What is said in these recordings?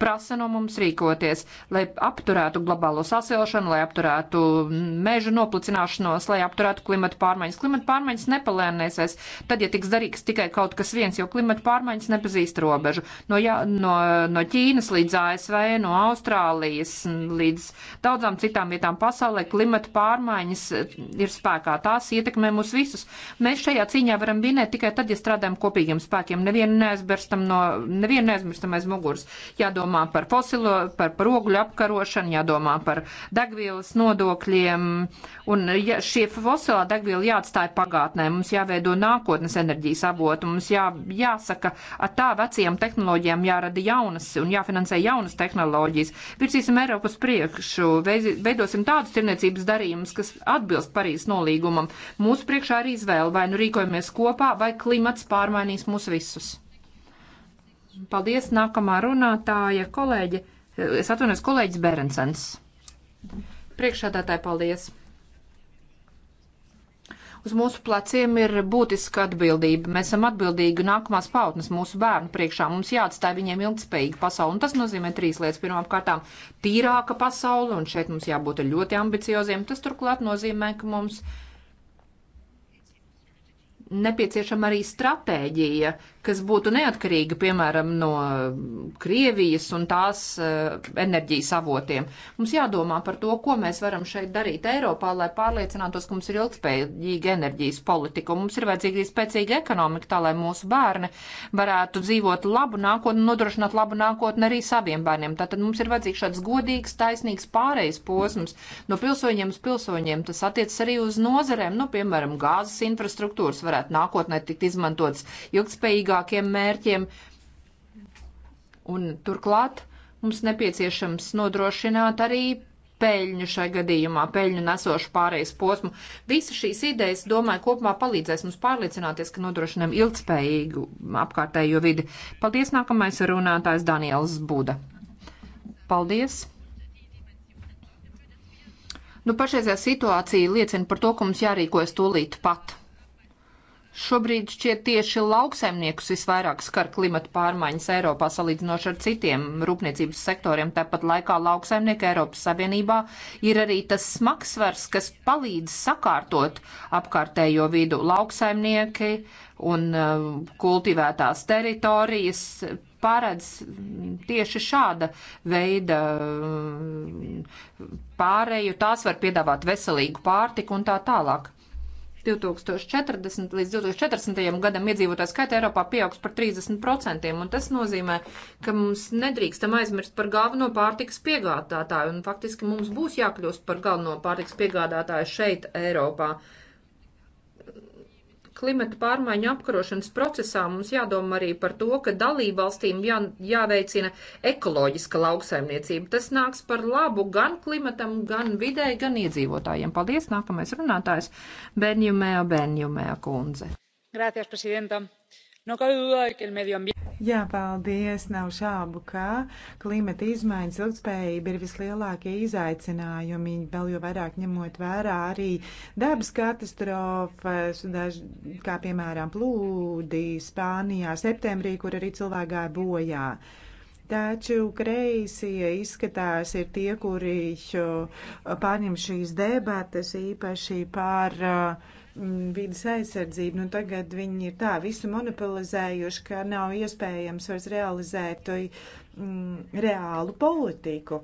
prasa no mums rīkoties, lai apturētu globālo sasilšanu, lai apturētu mežu noplicināšanos, lai apturētu klimatu pārmaiņas. Klimatu pārmaiņas nepalēnēsies, tad, ja tiks darīts tikai kaut kas viens, jo klimatu pārmaiņas nepazīst robežu. No, ja, no, no Ķīnas līdz ASV, no Austrālijas līdz daudzām citām vietām pasaulē klimatu pārmaiņas ir spēkā. Tās ietekmē mūs visus. Mēs šajā cīņā varam vinēt tikai tad, ja strādājam kopīgiem spēkiem. Nevienu neaizmirstam, no, nevienu neaizmirstam aiz muguras jādomā par fosilo, par, par ogļu apkarošanu, jādomā par degvielas nodokļiem, un ja šie fosilā degviela jāatstāja pagātnē, mums jāveido nākotnes enerģijas avotu, mums jā, jāsaka, ar tā vecajām tehnoloģijām jārada jaunas un jāfinansē jaunas tehnoloģijas. Virsīsim Eiropas priekšu, veidosim tādus tirniecības darījumus, kas atbilst Parīzes nolīgumam. Mūsu priekšā ir izvēle, vai nu rīkojamies kopā, vai klimats pārmainīs mūs visus. Paldies, nākamā runātāja kolēģe. Es atvainojos, kolēģis Berensens. Priekšādātāji, paldies. Uz mūsu pleciem ir būtiska atbildība. Mēs esam atbildīgi nākamās pautnes mūsu bērnu priekšā. Mums jāatstāj viņiem ilgspējīga pasaule. Un tas nozīmē trīs lietas. Pirmām kārtām tīrāka pasaule, un šeit mums jābūt ļoti ambicioziem. Tas turklāt nozīmē, ka mums nepieciešama arī stratēģija, kas būtu neatkarīga, piemēram, no Krievijas un tās eh, enerģijas avotiem. Mums jādomā par to, ko mēs varam šeit darīt Eiropā, lai pārliecinātos, ka mums ir ilgspējīga enerģijas politika, un mums ir vajadzīga arī spēcīga ekonomika, tā lai mūsu bērni varētu dzīvot labu nākotni, nodrošināt labu nākotni arī saviem bērniem. Tātad mums ir vajadzīgs šāds godīgs, taisnīgs pārējais posms no pilsoņiem uz pilsoņiem. Tas attiecas arī uz nozarēm, nu, piemēram, gāzes infrastruktūras varētu nākotnē tikt izmantots ilgspējīgāk svarīgākiem mērķiem. Un turklāt mums nepieciešams nodrošināt arī peļņu šai gadījumā, peļņu nesošu pārējais posmu. Visa šīs idejas, domāju, kopumā palīdzēs mums pārliecināties, ka nodrošinām ilgspējīgu apkārtējo vidi. Paldies, nākamais runātājs Daniels Buda. Paldies! Nu, pašreizējā situācija liecina par to, ka mums jārīkojas tūlīt pat. Šobrīd šķiet tieši lauksaimniekus visvairāk skar klimata pārmaiņas Eiropā salīdzinoši ar citiem rūpniecības sektoriem. Tāpat laikā lauksaimnieki Eiropas Savienībā ir arī tas smagsvars, kas palīdz sakārtot apkārtējo vidu lauksaimnieki un uh, kultivētās teritorijas paredz tieši šāda veida uh, pārēju. Tās var piedāvāt veselīgu pārtiku un tā tālāk. 2040 līdz 2040. gadam iedzīvotāju skaita Eiropā pieaugs par 30%, un tas nozīmē, ka mums nedrīkstam aizmirst par galveno pārtikas piegādātāju, un faktiski mums būs jākļūst par galveno pārtikas piegādātāju šeit, Eiropā. Uh, klimata pārmaiņu apkarošanas procesā mums jādomā arī par to, ka dalību valstīm jā, jāveicina ekoloģiska lauksaimniecība. Tas nāks par labu gan klimatam, gan videi, gan iedzīvotājiem. Paldies, nākamais runātājs Benjumēja Benjumēja kundze. Grāties, prezidenta. No cabe duda de que el medio ambiente. Jā, paldies. Nav šābu, ka klimata izmaiņas ilgspējība ir vislielākie izaicinājumi, vēl jo vairāk ņemot vērā arī dabas katastrofas, daž, kā piemēram plūdi Spānijā septembrī, kur arī cilvēki gāja bojā. Taču kreisie izskatās ir tie, kuri pārņem šīs debates īpaši par uh, Mm, vidas aizsardzību. Nu, tagad viņi ir tā visu monopolizējuši, ka nav iespējams vairs realizēt to mm, reālu politiku.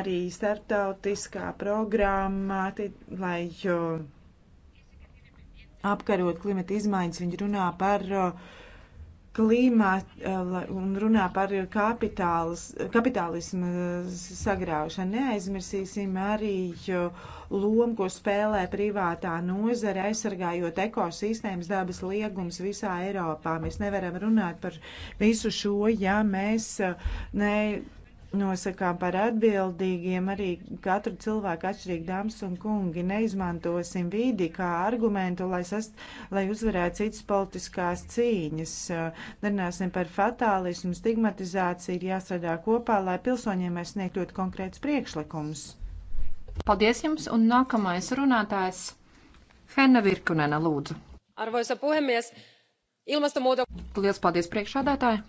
Arī starptautiskā programma, lai apkarot klimata izmaiņas, viņi runā par uh, klimata eh, un runā par kapitāls, kapitālismu sagraušanu. Neaizmirsīsim arī lomu, ko spēlē privātā nozare, aizsargājot ekosistēmas dabas liegums visā Eiropā. Mēs nevaram runāt par visu šo, ja mēs eh, ne nosakām par atbildīgiem arī katru cilvēku atšķirīgi dāmas un kungi. Neizmantosim vīdi kā argumentu, lai, sast, lai uzvarētu citas politiskās cīņas. Nerunāsim par fatālismu, stigmatizāciju, ir jāsadā kopā, lai pilsoņiem mēs sniegtu ļoti konkrēts priekšlikums. Paldies jums, un nākamais runātājs Henna Virkunena, lūdzu. Arvoisa puhemies, ilmastonmuutos. Lielas paldies priekšādātāji!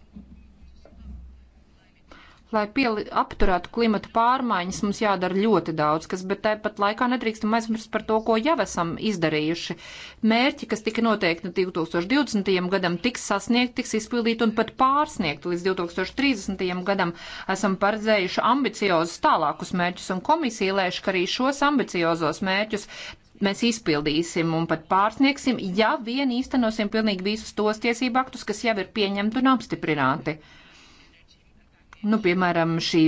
lai pieli, apturētu klimata pārmaiņas, mums jādara ļoti daudz, kas, bet tāpat laikā nedrīkstam aizmirst par to, ko jau esam izdarījuši. Mērķi, kas tika noteikti 2020. gadam, tiks sasniegti, tiks izpildīti un pat pārsniegti līdz 2030. gadam. Esam paredzējuši ambiciozus tālākus mērķus un komisija lēš, ka arī šos ambiciozos mērķus mēs izpildīsim un pat pārsniegsim, ja vien īstenosim pilnīgi visus tos tiesību aktus, kas jau ir pieņemti un apstiprināti. Nu, piemēram, šī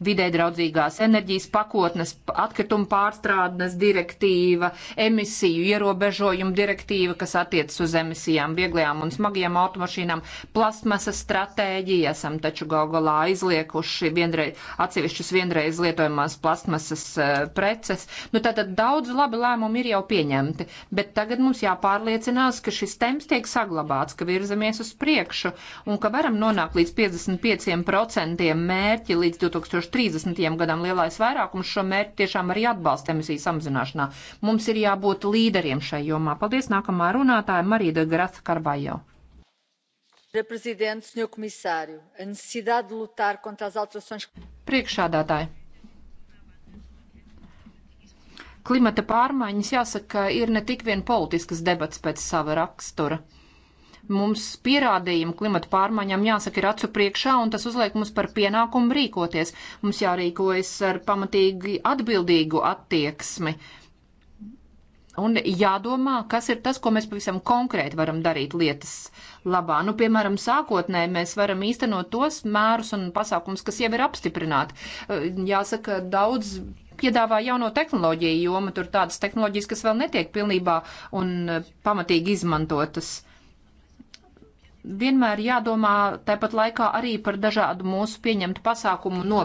vidē draudzīgās enerģijas pakotnes, atkrituma pārstrādnes direktīva, emisiju ierobežojumu direktīva, kas attiecas uz emisijām vieglajām un smagajām automašīnām, plasmasas stratēģija, esam taču gal galā izliekuši vienreiz, atsevišķas vienreiz lietojamās plasmasas uh, preces. Nu, tātad daudz labi lēmumi ir jau pieņemti, bet tagad mums jāpārliecinās, ka šis temps tiek saglabāts, ka virzamies uz priekšu un ka varam nonākt līdz 55% mērķi līdz 2030. 2030. gadam lielais vairākums šo mērķi tiešām arī atbalsta emisiju samazināšanā. Mums ir jābūt līderiem šai jomā. Paldies nākamā runātāja Marīda Graca Karvajo. Priekšādātāji klimata pārmaiņas, jāsaka, ir ne tik vien politiskas debats pēc sava rakstura. Mums pierādījumi klimata pārmaiņām jāsaka ir acu priekšā, un tas uzliek mums par pienākumu rīkoties. Mums jārīkojas ar pamatīgi atbildīgu attieksmi. Un jādomā, kas ir tas, ko mēs pavisam konkrēti varam darīt lietas labā. Nu, piemēram, sākotnēji mēs varam īstenot tos mērus un pasākums, kas jau ir apstiprināti. Eh, jāsaka, daudz piedāvā jauno tehnoloģiju jomu, tur tādas tehnoloģijas, kas vēl netiek pilnībā un eh, pamatīgi izmantotas vienmēr jādomā tāpat laikā arī par dažādu mūsu pieņemtu pasākumu no,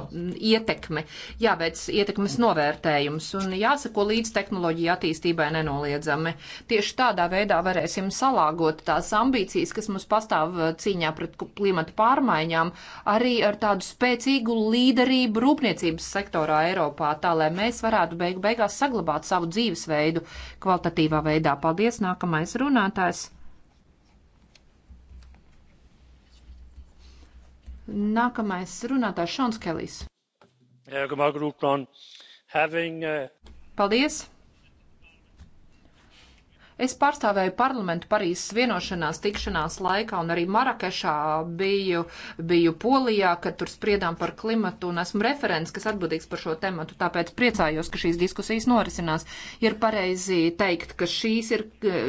ietekmi, jāveic ietekmes novērtējums un jāsako līdz tehnoloģija attīstībai nenoliedzami. Tieši tādā veidā varēsim salāgot tās ambīcijas, kas mums pastāv cīņā pret klimata pārmaiņām, arī ar tādu spēcīgu līderību rūpniecības sektorā Eiropā, tā lai mēs varētu beig beigās saglabāt savu dzīvesveidu kvalitatīvā veidā. Paldies, nākamais runātājs! Nākamais runātājs Šons Kelijs. Having, uh... Paldies! Es pārstāvēju parlamentu Parīzes vienošanās tikšanās laikā un arī Marakešā biju, biju Polijā, kad tur spriedām par klimatu un esmu referents, kas atbildīgs par šo tematu, tāpēc priecājos, ka šīs diskusijas norisinās. Ir pareizi teikt, ka šīs ir,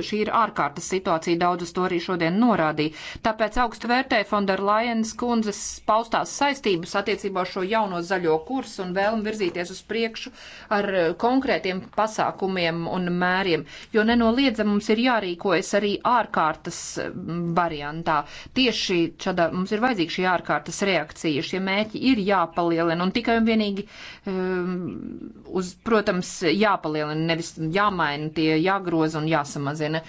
šī ir ārkārtas situācija, daudz uz to arī šodien norādīja. Tāpēc augstu vērtē Fonder Lajens kundzes paustās saistības attiecībā ar šo jauno zaļo kursu un vēlmu virzīties uz priekšu ar konkrētiem pasākumiem un mēriem, jo nenoliedz sniedza, mums ir jārīkojas arī ārkārtas mm, variantā. Tieši šādā mums ir vajadzīga šī ārkārtas reakcija. Šie mēķi ir jāpalielina un tikai un vienīgi, um, uz, protams, jāpalielina, nevis jāmaina tie, jāgroza un jāsamazina.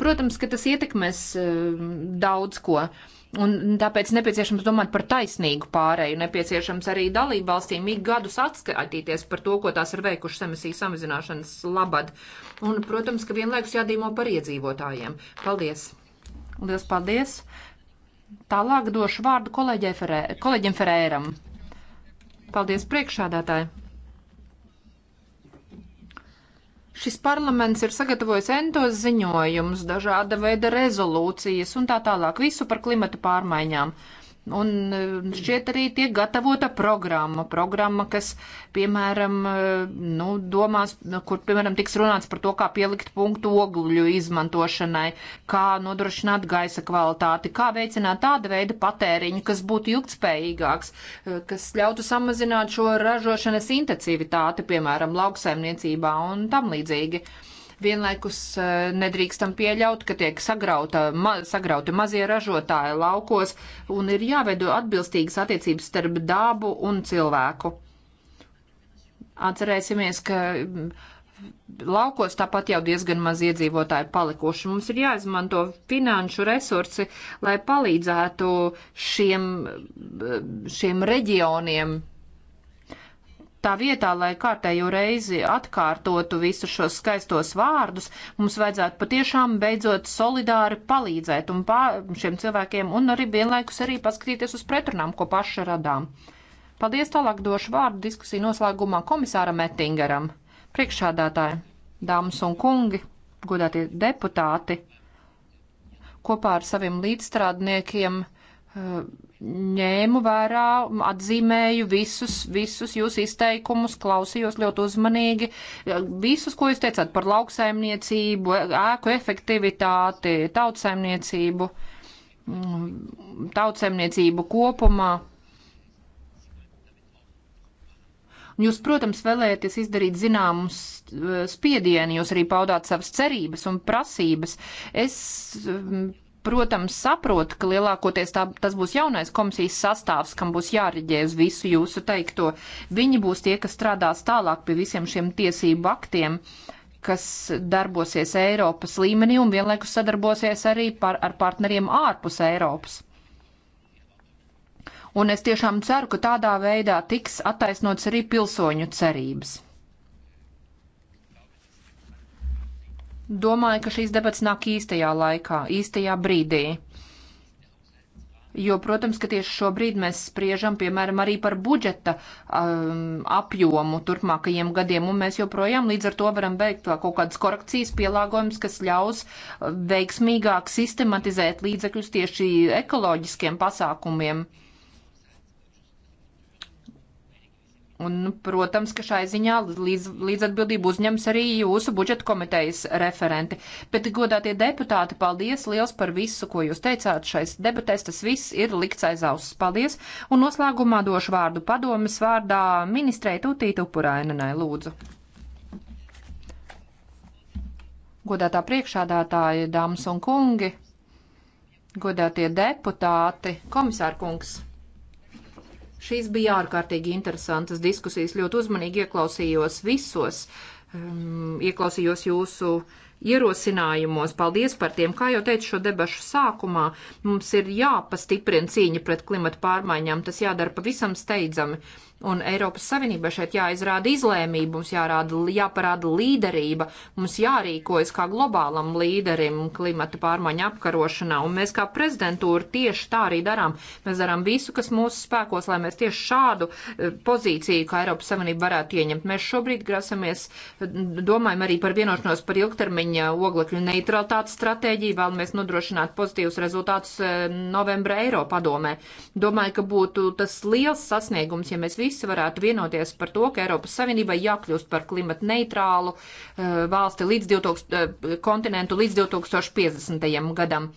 Protams, ka tas ietekmēs um, daudz ko. Un tāpēc nepieciešams domāt par taisnīgu pārēju, nepieciešams arī dalību valstīm ik gadus atskaitīties par to, ko tās ir veikušas emisiju samazināšanas labad. Uh, Un, protams, ka vienlaikus jādīmo par iedzīvotājiem. Paldies! Lielas paldies! Tālāk došu vārdu Ferē, kolēģiem Ferēram. Paldies priekšādātāji! Šis parlaments ir sagatavojis entos ziņojumus, dažāda veida rezolūcijas un tā tālāk, visu par klimatu pārmaiņām. Un e, šķiet arī tiek gatavota programma, programma, kas, piemēram, e, nu, domās, kur, piemēram, tiks runāts par to, kā pielikt punktu ogļu izmantošanai, kā nodrošināt gaisa kvalitāti, kā veicināt tāda veida patēriņu, kas būtu ilgspējīgāks, e, kas ļautu samazināt šo ražošanas intensivitāti, piemēram, lauksaimniecībā un tam līdzīgi. Uh, Vienlaikus e, nedrīkstam pieļaut, ka tiek sagrauta, ma, sagrauti mazie ražotāji laukos un ir jāveido atbilstīgas attiecības starp dabu un cilvēku. Atcerēsimies, ka laukos tāpat jau diezgan maz iedzīvotāji palikuši. Mums ir jāizmanto finanšu resursi, lai palīdzētu šiem, šiem reģioniem tā vietā, lai kārtējo reizi atkārtotu visus šos skaistos vārdus, mums vajadzētu patiešām beidzot solidāri palīdzēt un pā, šiem cilvēkiem un arī vienlaikus arī paskatīties uz pretrunām, ko paši radām. Paldies tālāk došu vārdu diskusiju noslēgumā komisāram Ettingeram. Priekšādātāji, dāmas un kungi, godātie deputāti, kopā ar saviem līdzstrādniekiem ņēmu vērā, atzīmēju visus, visus jūsu izteikumus, klausījos ļoti uzmanīgi. Visus, ko jūs teicāt par lauksaimniecību, ēku efektivitāti, tautsaimniecību, tautsaimniecību kopumā. Jūs, protams, vēlēties izdarīt zināmus eh, spiedienu, jūs arī paudāt savas cerības un prasības. Es protams, saprotu, ka lielākoties tā, tas būs jaunais komisijas sastāvs, kam būs jāreģē uz visu jūsu teikto. Viņi būs tie, kas strādās tālāk pie visiem šiem tiesību aktiem kas darbosies Eiropas līmenī un vienlaikus sadarbosies arī par, ar partneriem ārpus Eiropas. Un es tiešām ceru, ka tādā veidā tiks attaisnots arī pilsoņu cerības. Domāju, ka šīs debats nāk īstajā laikā, īstajā brīdī. Jo, protams, ka tieši šobrīd mēs spriežam, piemēram, arī par budžeta um, apjomu turpmākajiem gadiem, un mēs joprojām līdz ar to varam veikt kaut kādas korekcijas, pielāgojums, kas ļaus uh, veiksmīgāk sistematizēt līdzekļus tieši ekoloģiskiem pasākumiem. Uh, Un, protams, ka šai ziņā līdz, līdz atbildību uzņems arī jūsu budžeta komitejas referenti. Bet, godātie deputāti, paldies liels par visu, ko jūs teicāt šais debatēs. Tas viss ir likts aiz auss. Paldies. Un noslēgumā došu vārdu padomas vārdā ministrei Tūtītu Upurainenai. Lūdzu. Godātā priekšādātāja, dāmas un kungi, godātie deputāti, komisārkungs. Šīs bija ārkārtīgi interesantas diskusijas. Ļoti uzmanīgi ieklausījos visos, um, ieklausījos jūsu ierosinājumos. Paldies par tiem. Kā jau teicu šo debašu sākumā, mums ir jāpastiprina cīņa pret klimatu pārmaiņām. Tas jādara pavisam steidzami. Un Eiropas Savienībai šeit jāizrāda izlēmība, mums jārāda, jāparāda līderība, mums jārīkojas kā globālam līderim klimata pārmaiņa apkarošanā. Un mēs kā prezidentūra tieši tā arī darām. Mēs darām visu, kas mūsu spēkos, lai mēs tieši šādu e, pozīciju, kā Eiropas Savienība varētu ieņemt. Mēs šobrīd grasamies, e, domājam arī par vienošanos par ilgtermiņa oglekļu neutralitātes stratēģiju, vēlamies nodrošināt pozitīvus rezultātus e, novembra Eiropadomē. Domāju, ka būtu tas liels sasniegums, ja mēs visi visi varētu vienoties par to, ka Eiropas Savienībai jākļūst par klimata neitrālu eh, valsti līdz 2000, eh, kontinentu līdz 2050. gadam.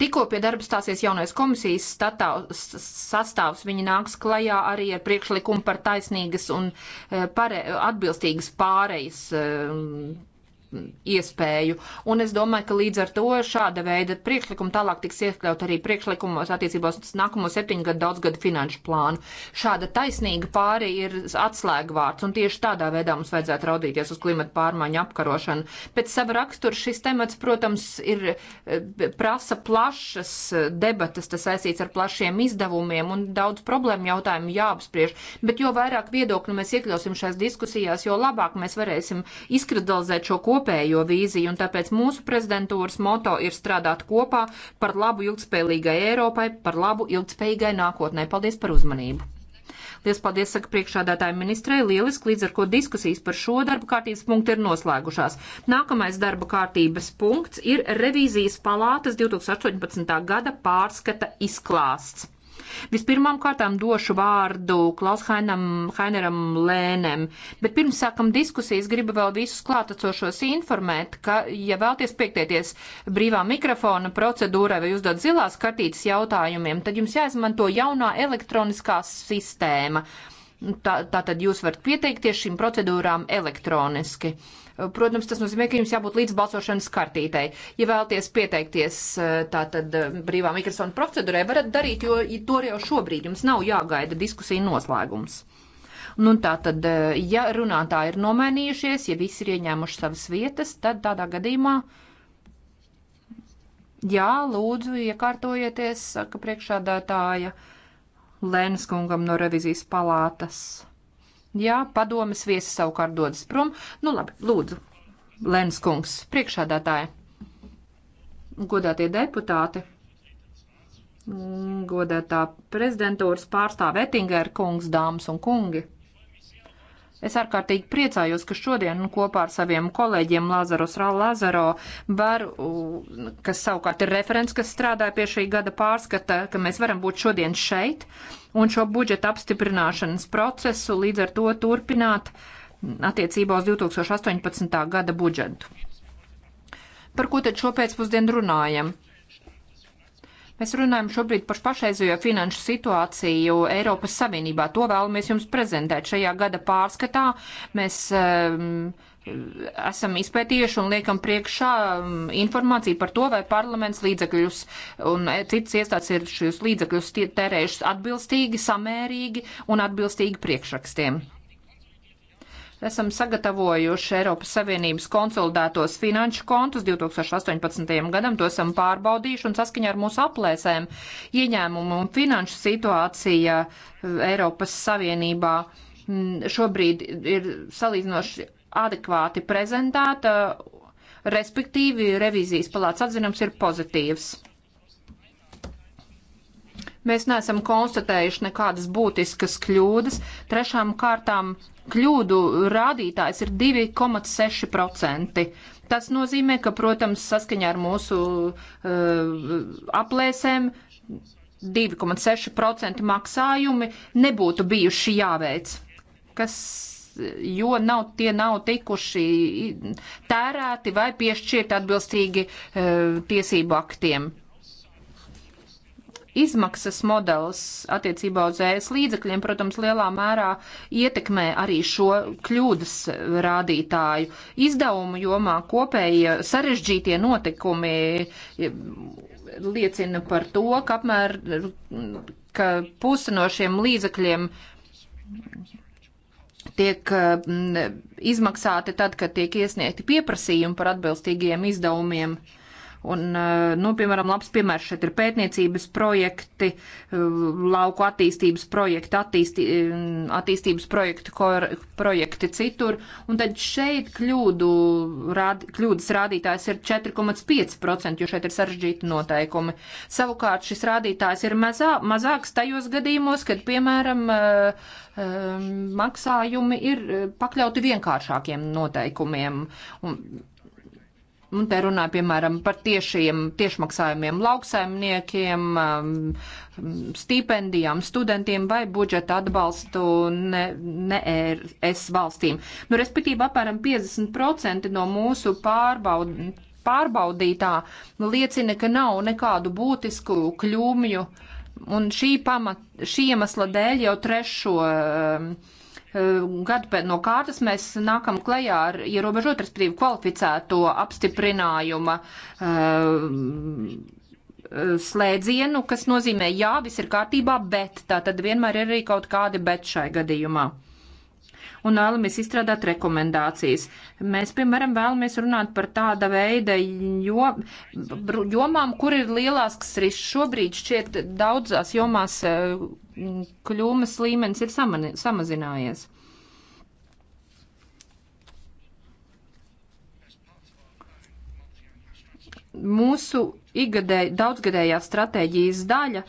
Tikko pie darba stāsies jaunais komisijas statāvs, sastāvs, viņi nāks klajā arī ar priekšlikumu par taisnīgas un eh, pare, atbilstīgas pārejas iespēju. Un es domāju, ka līdz ar to šāda veida priekšlikumi tālāk tiks iekļaut arī priekšlikumos attiecībās uz nākamo septiņu gadu daudzgadu finanšu plānu. Šāda taisnīga pāri ir atslēgvārds, un tieši tādā veidā mums vajadzētu raudīties uz klimata pārmaiņu apkarošanu. Pēc sava rakstura šis temats, protams, ir eh, prasa plašas eh, debatas, tas saistīts ar plašiem izdevumiem un daudz problēmu jautājumu jāapspriež, bet jo vairāk viedokļu mēs iekļausim šajās diskusijās, jo labāk mēs varēsim izkristalizēt šo kopu kopējo vīziju, un tāpēc mūsu prezidentūras moto ir strādāt kopā par labu ilgspējīgai Eiropai, par labu ilgspējīgai nākotnē. Paldies par uzmanību! Liels paldies, saka priekšādātāja ministrei. Lieliski, līdz ar ko diskusijas par šo darba kārtības punktu ir noslēgušās. Nākamais darba kārtības punkts ir revīzijas palātas 2018. gada pārskata izklāsts. Vispirmām kārtām došu vārdu Klaushainam Haineram Lēnem, bet pirms sākam diskusijas gribu vēl visus klātacošos informēt, ka, ja vēlties piektieties brīvā mikrofona procedūrai vai uzdot zilās kartītes jautājumiem, tad jums jāizmanto jaunā elektroniskā sistēma. Tā, tā tad jūs varat pieteikties šīm procedūrām elektroniski. Protams, tas nozīmē, ka jums jābūt līdz balsošanas kartītei. Ja vēlaties pieteikties eh, tātad eh, brīvā mikrofona procedūrai, varat darīt, jo to jau šobrīd jums nav jāgaida diskusija noslēgums. Nu, tā tad, eh, ja runātāji ir nomainījušies, ja visi ir ieņēmuši savas vietas, tad tādā gadījumā, jā, lūdzu, iekārtojieties, saka priekšādātāja Lēnas kungam no revizijas palātas. Jā, padomas viesi savukārt dodas prom. Nu labi, lūdzu, Lens kungs, priekšādātāja. Godātie deputāti, godētā prezidentūras pārstāve Ettingera kungs, dāmas un kungi. Es ārkārtīgi priecājos, ka šodien kopā ar saviem kolēģiem Lazaros Lazaro Baru, kas savukārt ir referents, kas strādā pie šī gada pārskata, ka mēs varam būt šodien šeit un šo budžeta apstiprināšanas procesu līdz ar to turpināt attiecībā uz 2018. gada budžetu. Par ko tad šo pēcpusdienu runājam? Mēs runājam šobrīd par pašreizējo finanšu situāciju Eiropas Savienībā. To vēlamies jums prezentēt šajā gada pārskatā. Mēs um, esam izpētījuši un liekam priekšā ehm, informāciju par to, vai parlaments līdzekļus un e, citas iestādes ir šos līdzekļus tērējušas atbilstīgi, samērīgi un atbilstīgi priekšrakstiem esam sagatavojuši Eiropas Savienības konsolidētos finanšu kontus 2018. gadam. To esam pārbaudījuši un saskaņā ar mūsu aplēsēm ieņēmumu un finanšu situācija uh, Eiropas Savienībā mm, šobrīd ir salīdzinoši adekvāti prezentēta, respektīvi revīzijas palāca atzinums ir pozitīvs. Mēs neesam konstatējuši nekādas būtiskas kļūdas. Trešām kārtām kļūdu rādītājs ir 2,6%. Tas nozīmē, ka, protams, saskaņā ar mūsu uh, aplēsēm 2,6% maksājumi nebūtu bijuši jāveic, kas, jo nav, tie nav tikuši tērēti vai piešķirt atbilstīgi uh, tiesību aktiem izmaksas modelis attiecībā uz ēs e līdzekļiem, protams, lielā mērā ietekmē arī šo kļūdas rādītāju. Izdevumu jomā kopēji sarežģītie notikumi liecina par to, ka apmēr ka puse no šiem līdzekļiem tiek mm, izmaksāti tad, kad tiek iesniegti pieprasījumi par atbilstīgiem izdevumiem. Un, eh, nu, piemēram, labs piemērs šeit ir pētniecības projekti, eh, lauku attīstības projekti, attīstī, eh, attīstības projekti, kor, projekti citur. Un tad šeit kļūdu, rād, kļūdas rādītājs ir 4,5%, jo šeit ir sarežģīti noteikumi. Savukārt šis rādītājs ir mazā, mazāks tajos gadījumos, kad, piemēram, maksājumi ir pakļauti vienkāršākiem noteikumiem. Un Un te runāja, piemēram, par tiešiem, tiešmaksājumiem lauksaimniekiem, um, stipendijām, studentiem vai budžeta atbalstu ne, ne ES valstīm. Nu, respektīvi, apmēram 50% no mūsu pārbaud, pārbaudītā liecina, ka nav nekādu būtisku kļūmju. Un šī, pamat, šī iemesla dēļ jau trešo. Uh, Eh, gadu pēc no kārtas mēs nākam klajā ar ierobežot, respektīvi, kvalificēto apstiprinājuma eh, slēdzienu, kas nozīmē, jā, viss ir kārtībā, bet tā tad vienmēr ir arī kaut kādi bet šai gadījumā un vēlamies izstrādāt rekomendācijas. Mēs, piemēram, vēlamies runāt par tāda veida jo, jomām, kur ir lielāks risks. Šobrīd šķiet daudzās jomās eh, kļūmes līmenis ir samani, samazinājies. mūsu igadē, daudzgadējā stratēģijas daļa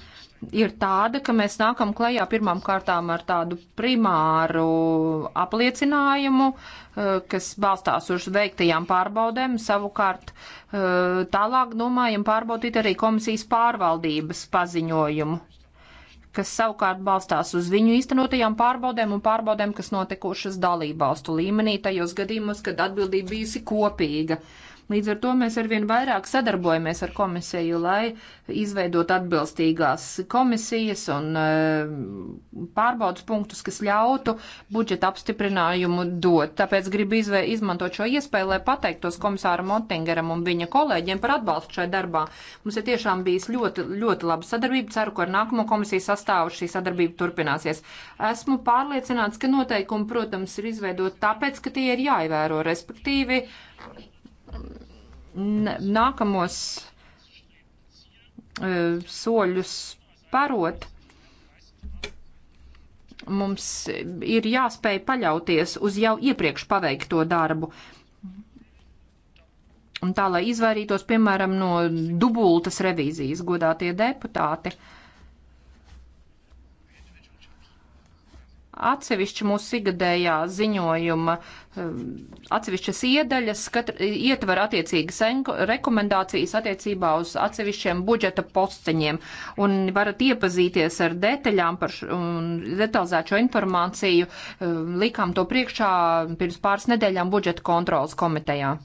ir tāda, ka mēs nākam klajā pirmām kārtām ar tādu primāru apliecinājumu, eh, kas balstās uz veiktajām pārbaudēm, savukārt eh, tālāk domājam pārbaudīt arī komisijas pārvaldības paziņojumu kas savukārt balstās uz viņu īstenotajām pārbaudēm un pārbaudēm, kas notikušas dalībvalstu līmenī tajos gadījumos, kad atbildība bijusi kopīga. Uh, Līdz ar to mēs arvien vairāk sadarbojamies ar komisiju, lai izveidot atbilstīgās komisijas un eh, pārbaudas punktus, kas ļautu budžeta apstiprinājumu dot. Tāpēc gribu izvē, izmantot šo iespēju, lai pateiktos komisāram Otingeram un viņa kolēģiem par atbalstu šai darbā. Mums ir tiešām bijis ļoti, ļoti laba sadarbība. Ceru, ka ar nākamo komisiju sastāvu šī sadarbība turpināsies. Esmu pārliecināts, ka noteikumi, protams, ir izveidot tāpēc, ka tie ir jāievēro, respektīvi nākamos e, soļus parot, mums ir jāspēj paļauties uz jau iepriekš paveikto darbu. Un tā, lai izvairītos, piemēram, no dubultas revīzijas, godātie deputāti. Uh, Atsevišķi mūsu sigadējā ziņojuma, um, atsevišķas iedaļas katra, ietver attiecīgas rekomendācijas attiecībā uz atsevišķiem budžeta posteņiem, un varat iepazīties ar detaļām par šo, detalizēto informāciju. Um, likām to priekšā pirms pāris nedēļām budžeta kontrolas komitejā.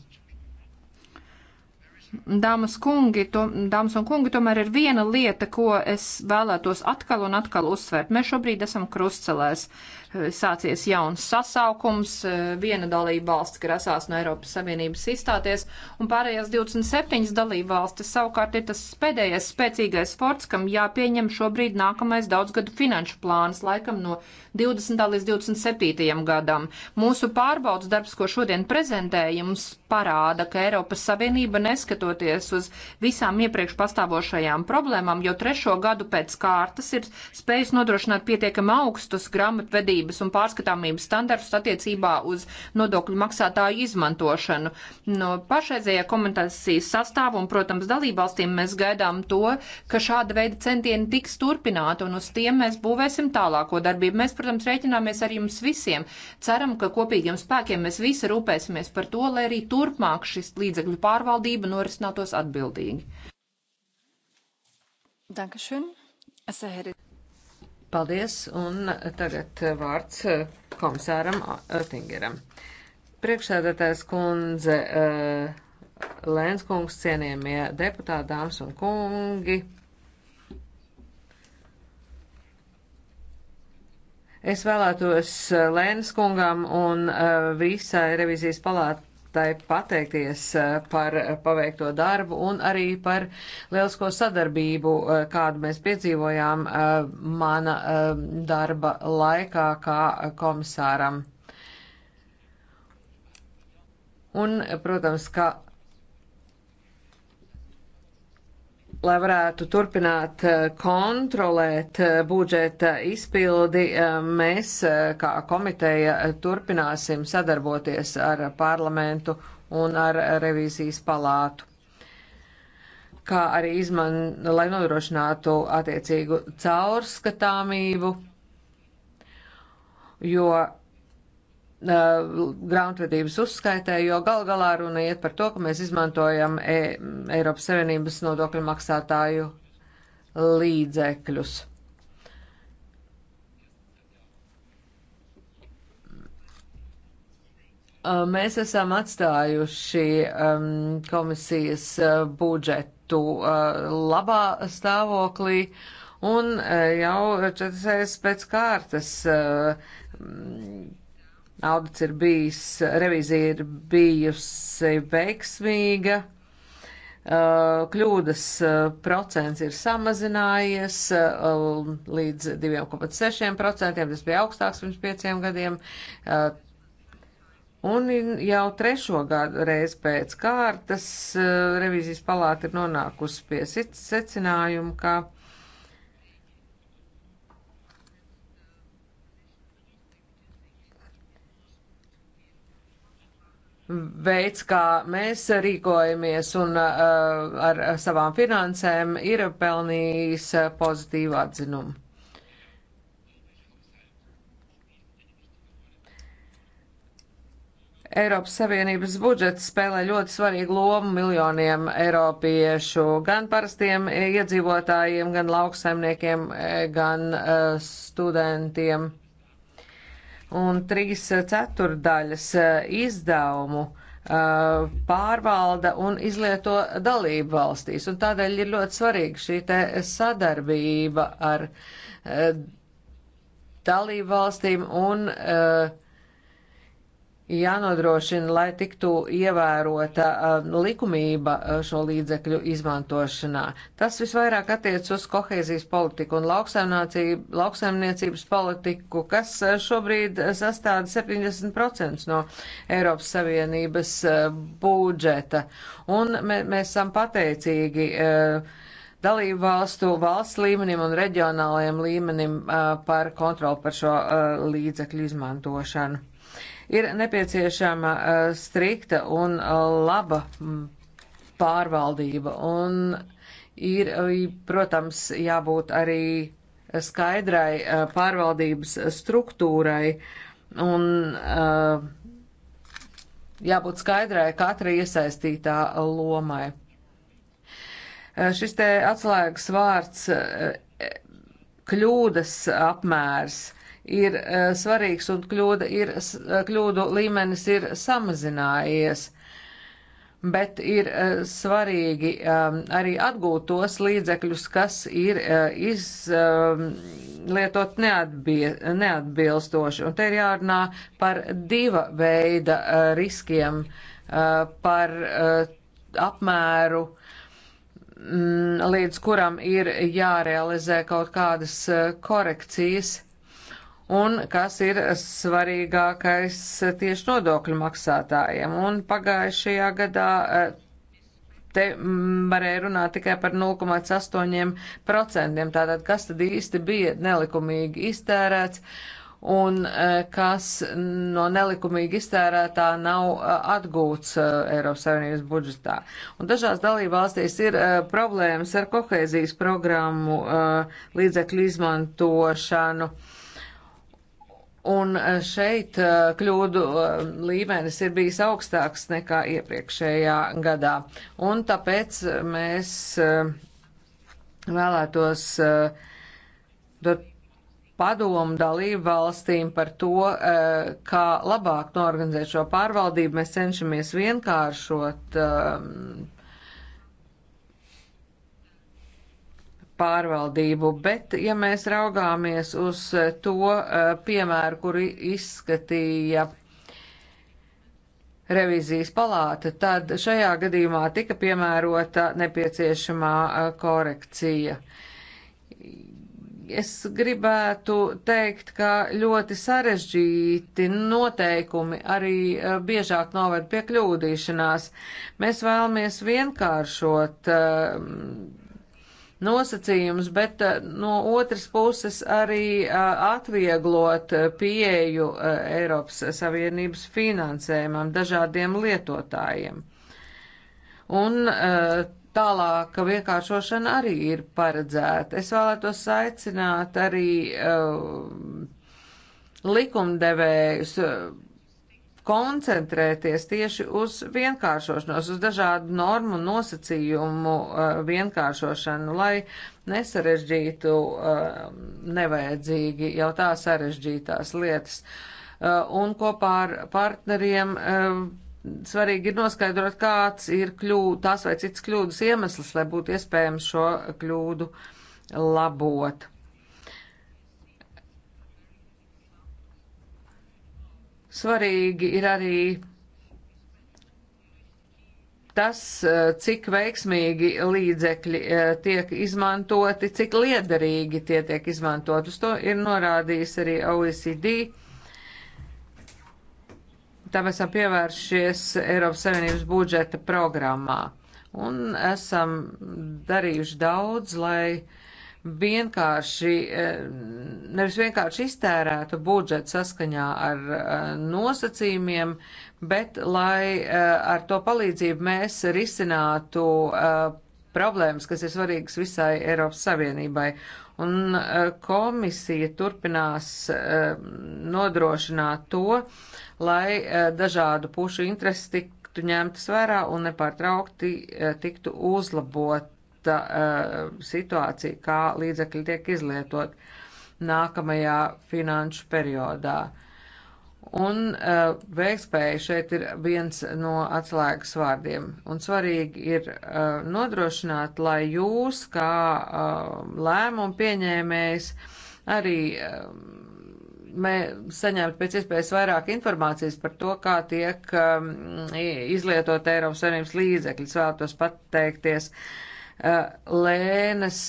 Dāmas, kungi, to, dāmas un kungi, tomēr ir viena lieta, ko es vēlētos atkal un atkal uzsvērt. Mēs šobrīd esam krustcelēs. Eh, sācies jauns sasaukums, eh, viena dalība valsts grasās no Eiropas Savienības izstāties, un pārējās 27 dalība valstis savukārt ir tas pēdējais spēcīgais forts, kam jāpieņem šobrīd nākamais daudzgadu finanšu plāns, laikam no 20. līdz 27. gadam. Mūsu pārbaudas darbs, ko šodien prezentējums, parāda, ka Eiropas Savienība neskatoties uz visām iepriekš pastāvošajām problēmām, jau trešo gadu pēc kārtas ir spējusi nodrošināt pietiekami augstus grāmatvedības atbildības un pārskatāmības standartus attiecībā uz nodokļu maksātāju izmantošanu. No pašreizējā komentācijas sastāvu un, protams, dalībvalstīm mēs gaidām to, ka šāda veida centieni tiks turpināti un uz tiem mēs būvēsim tālāko darbību. Mēs, protams, rēķināmies ar jums visiem. Ceram, ka kopīgiem spēkiem mēs visi rūpēsimies par to, lai arī turpmāk šis līdzekļu pārvaldība norisinātos atbildīgi. Dankeschön. Paldies, un tagad vārds eh, komisāram eh, Oettingeram. Priekšsēdētājs kundze, eh, Lēns kungs, cienījamie deputāti, dāmas un kungi. Es vēlētos Lēnas kungam un visai revizijas palātas tai pateikties eh, par paveikto darbu un arī par lielisko sadarbību, eh, kādu mēs piedzīvojām eh, mana darba laikā kā komisāram. Un, protams, ka lai varētu turpināt eh, kontrolēt eh, budžeta izpildi, eh, mēs kā komiteja turpināsim sadarboties ar parlamentu un ar revīzijas palātu kā arī izman, lai nodrošinātu attiecīgu caurskatāmību, jo Eh, grāmatvedības uzskaitē, jo gal galā runa iet par to, ka mēs izmantojam e Eiropas Savienības nodokļu maksātāju līdzekļus. Eh, mēs esam atstājuši um, komisijas uh, budžetu uh, labā stāvoklī un uh, jau četras reizes pēc kārtas uh, audits ir bijis, revīzija ir bijusi veiksmīga, uh, kļūdas uh, procents ir samazinājies uh, līdz 2,6%, tas bija augstāks pirms pieciem gadiem. Un jau trešo gadu reizi pēc kārtas revīzijas palāta ir nonākusi pie secinājumu, ka veids, kā mēs rīkojamies un uh, ar savām finansēm, ir pelnījis eh, pozitīvu atzinumu. Eiropas Savienības budžets spēlē ļoti svarīgu lomu miljoniem eiropiešu, gan parastiem iedzīvotājiem, gan lauksaimniekiem, eh, gan uh, studentiem un 3 ceturdaļas eh, izdevumu eh, pārvalda un izlieto dalību valstīs. Un tādēļ ir ļoti svarīga šī sadarbība ar eh, dalību valstīm un uh, jānodrošina, lai tiktu ievērota um, likumība uh, šo līdzekļu izmantošanā. Tas visvairāk attiec uz kohēzijas politiku un lauksaimniecības politiku, kas uh, šobrīd uh, sastāda 70% no Eiropas Savienības budžeta. Un mēs esam pateicīgi dalību valstu valsts līmenim un reģionālajiem līmenim par kontroli par šo līdzekļu izmantošanu. Ir nepieciešama eh, strikta un eh, laba mm, pārvaldība un ir, eh, protams, jābūt arī skaidrai pārvaldības struktūrai un jābūt skaidrai katra iesaistītā lomai. Šis te atslēgas vārds kļūdas apmērs ir uh, svarīgs un kļūda ir, e, kļūdu līmenis ir samazinājies. Bet ir uh, svarīgi um, arī atgūt tos līdzekļus, kas ir uh, izlietot um, neatbilstoši. Un te ir jārunā par diva veida uh, riskiem, uh, par uh, apmēru uh, līdz kuram ir jārealizē kaut kādas korekcijas un kas ir svarīgākais tieši nodokļu maksātājiem. Un pagājušajā gadā eh, te varēja runāt tikai par 0,8%. Tātad, kas tad īsti bija nelikumīgi iztērēts un eh, kas no nelikumīgi iztērētā nav eh, atgūts Eiropas Savienības budžetā. Un dažās dalībvalstīs ir problēmas ar kohēzijas programmu līdzekļu izmantošanu. Uh, Un e, šeit e, kļūdu e, līmenis ir bijis augstāks nekā iepriekšējā gadā. Un tāpēc mēs vēlētos dot padomu dalību valstīm par to, kā labāk norganizēt šo pārvaldību. Mēs cenšamies vienkāršot pārvaldību, bet ja mēs raugāmies uz to eh, piemēru, kuru izskatīja revizijas palāta, tad šajā gadījumā tika piemērota nepieciešamā eh, korekcija. Es gribētu teikt, ka ļoti sarežģīti noteikumi arī eh, biežāk noved pie kļūdīšanās. Mēs vēlamies vienkāršot uh, nosacījumus, bet eh, no otras puses arī eh, atvieglot eh, pieeju Eiropas Savienības finansējumam dažādiem lietotājiem. Un tālāka vienkāršošana arī ir paredzēta. Es vēlētos aicināt arī likumdevējus koncentrēties tieši uz vienkāršošanos, uz dažādu normu nosacījumu eh, vienkāršošanu, lai nesarežģītu eh, nevajadzīgi jau tā sarežģītās lietas. Eh, un kopā ar partneriem svarīgi ir noskaidrot, kāds ir kļūd, tās vai cits kļūdas iemesls, lai būtu iespējams šo kļūdu labot. Svarīgi ir arī tas, eh, cik veiksmīgi līdzekļi eh, tiek izmantoti, cik liederīgi tie tiek izmantot. Uz to ir norādījis arī OECD. Tam esam pievēršies Eiropas Savienības budžeta programmā un esam darījuši daudz, lai uh, vienkārši, eh, nevis vienkārši iztērētu budžetu saskaņā ar eh, nosacījumiem, bet lai eh, ar to palīdzību mēs risinātu problēmas, kas ir svarīgas visai Eiropas Savienībai. Un komisija turpinās nodrošināt to, lai dažādu pušu intereses tiktu ņemtas vērā un nepārtraukti tiktu uzlabot slikta uh, situācija, kā līdzekļi tiek izlietot nākamajā finanšu periodā. Un uh, veiktspēja šeit ir viens no atslēgas vārdiem. Un svarīgi ir uh, nodrošināt, lai jūs, kā uh, lēmumu pieņēmējs, arī uh, mē, saņemt pēc iespējas vairāk informācijas par to, kā tiek um, izlietot Eiropas Savienības līdzekļus. Vēlētos pateikties Eh, Lēnes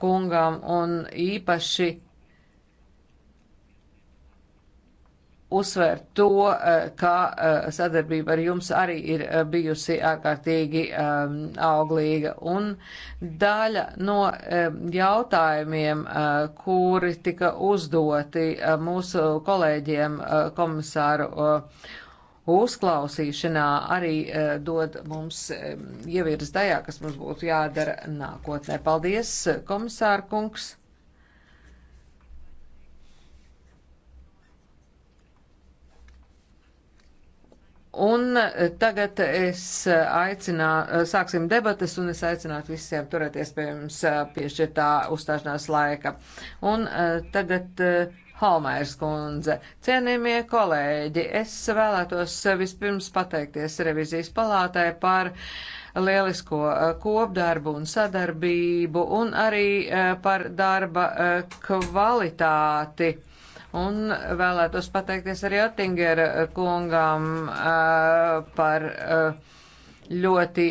kungam un īpaši uzsver to, eh, ka eh, sadarbība ar jums arī ir bijusi ārkārtīgi auglīga. Un daļa no jautājumiem, kuri tika uzdoti mūsu kolēģiem komisāru uzklausīšanā arī uh, dod mums uh, ievirs tajā, kas mums būtu jādara nākotnē. Paldies, komisāra kungs! Un eh, tagad es aicinā, eh, sāksim debatas, un es aicinātu visiem turēties pie jums piešķirtā uzstāšanās laika. Un tagad. Uh, Holmērs kundze. Cienījamie kolēģi, es vēlētos vispirms pateikties revizijas palātē par lielisko eh, kopdarbu un sadarbību un arī eh, par darba eh, kvalitāti. Un vēlētos pateikties arī Otingera kungam par ļoti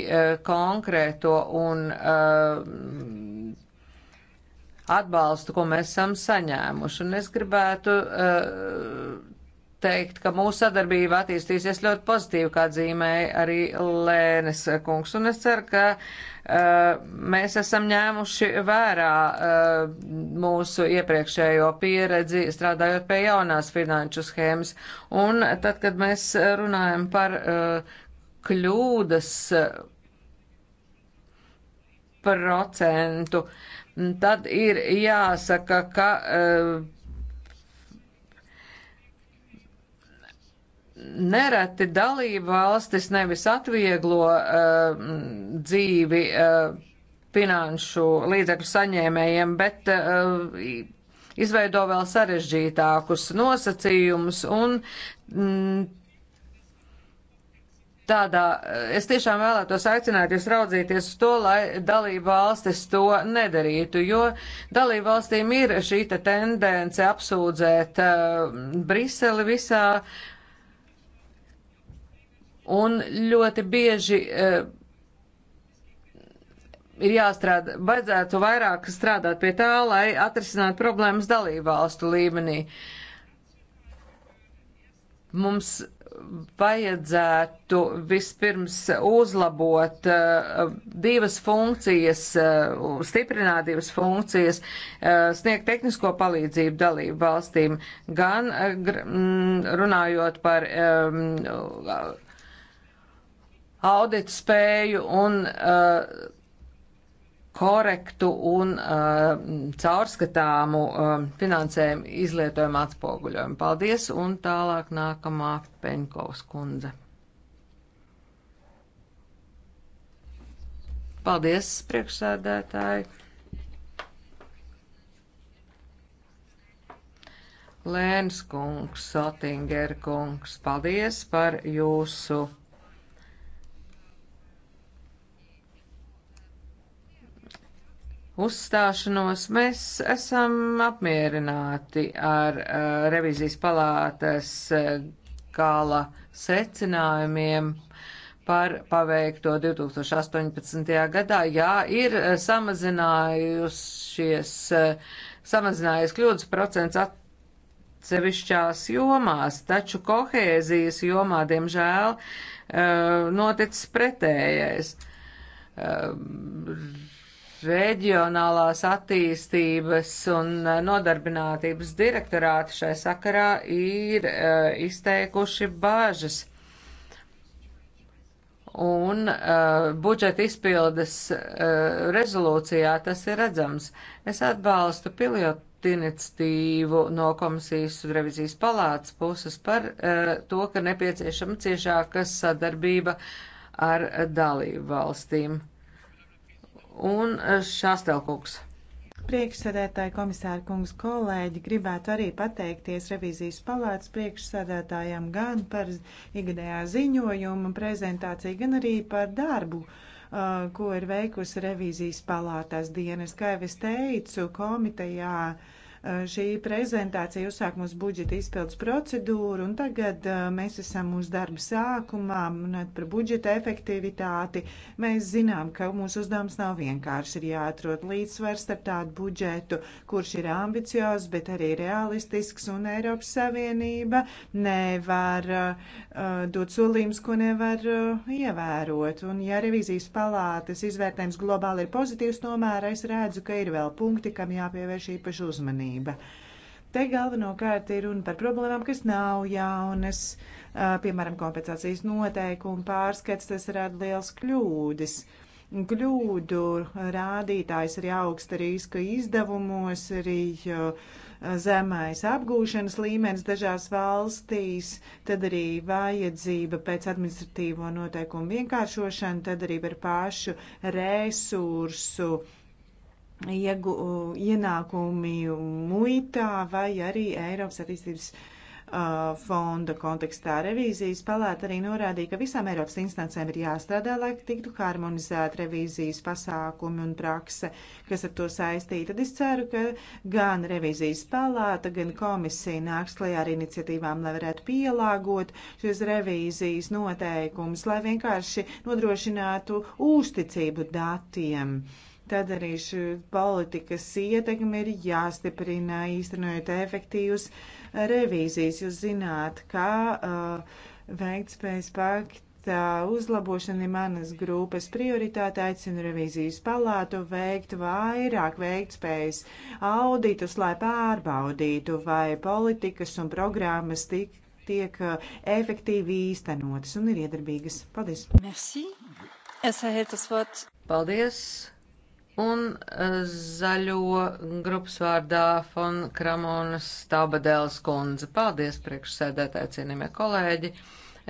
konkrēto un atbalstu, ko mēs esam saņēmuši. Un es gribētu uh, teikt, ka mūsu sadarbība attīstīsies ļoti pozitīvi, kā dzīmēja arī Lēnes kungs. Un es ceru, ka uh, mēs esam ņēmuši vērā uh, mūsu iepriekšējo pieredzi strādājot pie jaunās finanšu schēmas. Un tad, kad mēs runājam par uh, kļūdas procentu, uh, tad ir jāsaka, ka eh, nereti dalība valstis nevis atvieglo uh, dzīvi uh, finanšu līdzekļu saņēmējiem, bet uh, izveido vēl sarežģītākus nosacījumus un mm, Tādā eh, es tiešām vēlētos aicināt jūs raudzīties uz to, lai dalība valstis to nedarītu, jo dalība valstīm ir šī te tendence apsūdzēt uh, Briseli visā un ļoti bieži uh, ir jāstrādā, vajadzētu vairāk strādāt pie tā, lai atrisinātu problēmas dalību valstu līmenī. Mums vajadzētu vispirms uzlabot uh, divas funkcijas, uh, stiprināt divas funkcijas, uh, sniegt tehnisko palīdzību dalību valstīm, gan mm, runājot par um, ehm, auditu spēju un uh, korektu un uh, caurskatāmu uh, finansējumu izlietojumu atspoguļojumu. Paldies, un tālāk nākamā Penkovs kundze. Paldies, priekšsēdētāji. Lēns kungs, Sotinger kungs, paldies par jūsu uzstāšanos mēs esam apmierināti ar uh, revizijas palātas uh, gala secinājumiem par paveikto 2018. gadā. Jā, ir uh, samazinājusies, uh, samazinājies kļūdas procents atsevišķās jomās, taču kohēzijas jomā, diemžēl, uh, noticis pretējais. Uh, reģionālās attīstības un eh, nodarbinātības direktorāti šai sakarā ir uh, izteikuši bāžas. Un uh, budžeta izpildes uh, rezolūcijā tas ir redzams. Es atbalstu pilotu iniciatīvu no komisijas un revizijas palātas puses par uh, to, ka nepieciešama ciešāka sadarbība ar dalību valstīm. Uh, un eh, Šastelkungs. Priekšsēdētāji, komisāri kungs, kolēģi, gribētu arī pateikties revīzijas palātas priekšsēdētājām gan par ikgadējā ziņojuma prezentāciju, gan arī par darbu, uh, ko ir veikusi revīzijas palātas dienas. Kā jau es teicu, komitejā uh, Šī prezentācija uzsāk mūsu budžeta izpildes procedūru, un tagad mēs esam mūsu darba sākumā, runāt par budžeta efektivitāti. Mēs zinām, ka mūsu uzdevums nav vienkārši, ir jāatrod līdzsvars starp tādu budžetu, kurš ir ambiciozs, bet arī realistisks, un Eiropas Savienība nevar uh, dot solījumus, ko nevar uh, ievērot. Un, ja revizijas palātas izvērtējums globāli ir pozitīvs, tomēr es redzu, ka ir vēl punkti, kam jāpievērš īpaši uzmanība. Savienība. Te galvenokārt ir runa par problēmām, kas nav jaunas, uh, piemēram, kompensācijas noteikumu pārskats, tas rada liels kļūdas. Kļūdu rādītājs arī augsta riska izdevumos, arī uh, zemais apgūšanas līmenis dažās valstīs, tad arī vajadzība pēc administratīvo noteikumu vienkāršošana, tad arī par pašu resursu iegu, uh, ienākumi muitā vai arī Eiropas attīstības uh, fonda kontekstā. Revīzijas palēta arī norādīja, ka visām Eiropas instancēm ir jāstrādā, lai tiktu harmonizēta revīzijas pasākumi un prakse, kas ar to saistīta. Tad es ceru, ka gan revīzijas palēta, gan komisija nāks klajā ar iniciatīvām, lai varētu pielāgot šīs revīzijas noteikumus, lai vienkārši nodrošinātu uzticību datiem. Uh, Tad arī šī politikas ietekme ir jāstiprina, īstenojot efektīvas uh, revīzijas. Jūs zināt, kā uh, veiktspējas pakta uzlabošana ir manas grupas prioritāte. Aicinu revīzijas palātu veikt vairāk veiktspējas auditus, lai pārbaudītu, vai politikas un programmas tik tiek uh, efektīvi īstenotas un ir iedarbīgas. Paldies! Merci. Es ahetu svot. Paldies! Un eh, zaļo grupas vārdā Fon Kramonas Stabadēlas kundze. Paldies, priekšsēdētāji, cienījamie kolēģi.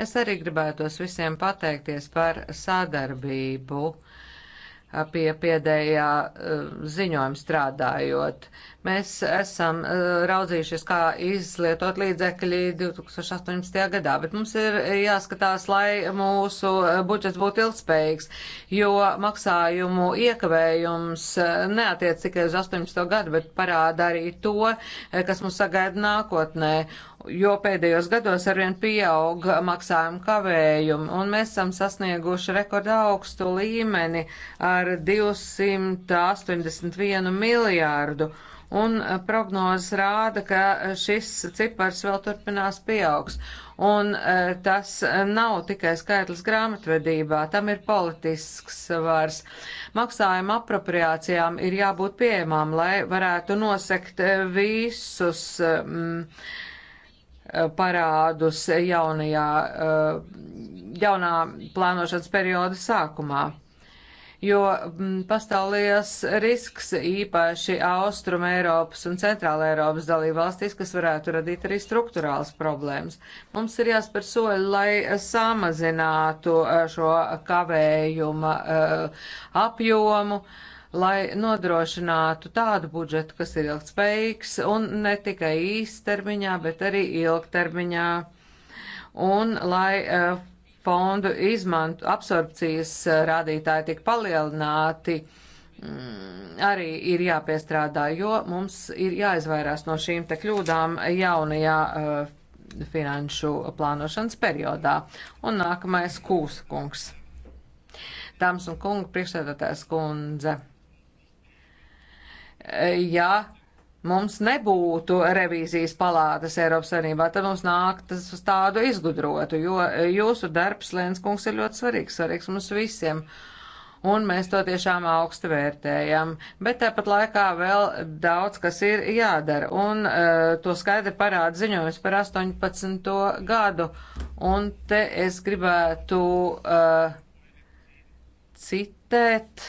Es arī gribētos visiem pateikties par sadarbību eh, pie pēdējā eh, ziņojuma strādājot. Mēs esam uh, raudzījušies, kā izlietot līdzekļi 2018. gadā, bet mums ir jāskatās, lai mūsu eh, budžets būtu ilgspējīgs, jo maksājumu iekavējums eh, neatiec tikai uz 18. gadu, bet parāda arī to, kas mums sagaida nākotnē, jo pēdējos gados arvien pieaug maksājumu kavējumu, un mēs esam sasnieguši rekorda augstu līmeni ar 281 miljārdu un uh, prognozes rāda, ka uh, šis cipars vēl turpinās pieaugs. Un uh, tas nav tikai skaitlis grāmatvedībā, tam ir politisks svars. Maksājuma apropriācijām ir jābūt pieejamām, lai varētu nosekt visus mm, parādus jaunajā, jaunā plānošanas perioda sākumā jo mm, pastāv liels risks īpaši Austrum Eiropas un Centrāla Eiropas dalībvalstīs, kas varētu radīt arī struktūrāls problēmas. Mums ir jāspēr soļi, lai samazinātu eh, šo kavējuma eh, apjomu lai nodrošinātu tādu budžetu, kas ir ilgspējīgs un ne tikai īstermiņā, bet arī ilgtermiņā, un lai uh, fondu izmantu absorpcijas eh, rādītāji tik palielināti, mm, arī ir jāpiestrādā, jo mums ir jāizvairās no šīm te kļūdām jaunajā uh, finanšu plānošanas periodā. Un nākamais kūsa kungs. Dāmas un kungi, priekšsēdētājs kundze. Eh, ja mums nebūtu revīzijas palātas Eiropas Savienībā, tad mums nāktas uz tādu izgudrotu, jo jūsu darbs, Lēns kungs, ir ļoti svarīgs, svarīgs mums visiem. Un mēs to tiešām augstu vērtējam. Bet tāpat laikā vēl daudz, kas ir jādara. Un uh, to skaidri parāda ziņojums par 18. gadu. Un te es gribētu uh, citēt.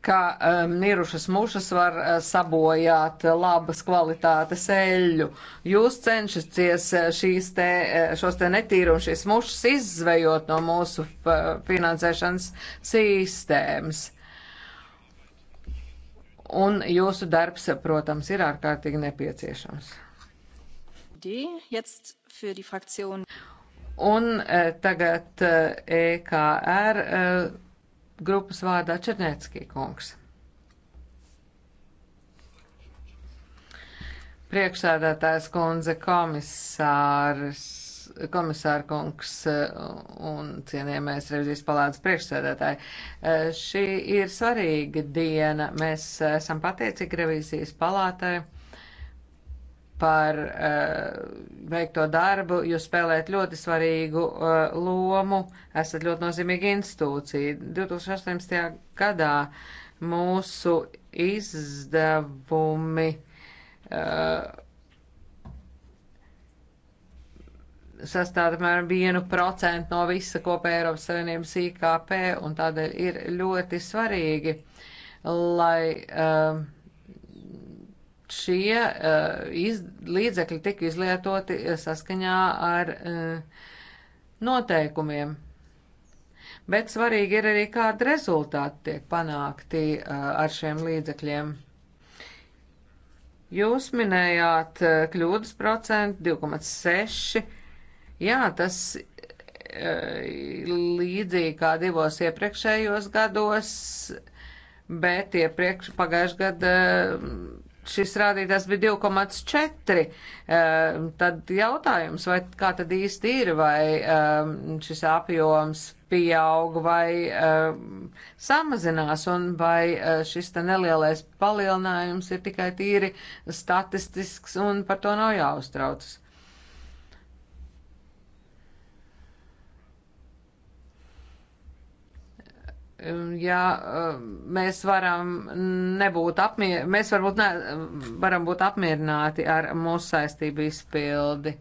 ka um, mirušas mušas var uh, sabojāt labas kvalitātes eļļu. Jūs cenšaties eh, šīs te, eh, šos te netīru un šīs mušas izzvejot no mūsu finansēšanas sistēmas. Un jūsu darbs, protams, ir ārkārtīgi nepieciešams. Die, jetzt für die Fraktion. Un e, tagad EKR e, e, grupas vārdā Černēckī kungs. Priekšsēdētājs kundze komisārs, komisāra kungs e, un cienījamais revizijas palādes priekšsēdētāji. E, šī ir svarīga diena. Mēs esam pateicīgi revizijas palātai par uh, veikto darbu. Jūs spēlējat ļoti svarīgu uh, lomu, esat ļoti nozīmīga institūcija. 2018. gadā mūsu izdevumi uh, sastāv apmēram 1% no visa kopējā Eiropas Savienības IKP, un tādēļ ir ļoti svarīgi, lai uh, šie uh, iz, līdzekļi tika izlietoti eh, saskaņā ar uh, noteikumiem. Bet svarīgi ir arī, kādi rezultāti tiek panākti uh, ar šiem līdzekļiem. Jūs minējāt kļūdas procentu 2,6. Jā, tas līdzīgi kā divos iepriekšējos gados, bet iepriekš pagājušajā gadā šis rādītājs bija 2,4. Ehm, tad jautājums, vai kā tad īsti ir, vai ehm, šis apjoms pieaug vai ehm, samazinās, un vai eh, šis te nelielais palielinājums ir tikai tīri statistisks, un par to nav jāuztraucas. ja um, mēs varam nebūt apmierināti, mēs varbūt ne, varam būt apmierināti ar mūsu saistību izpildi.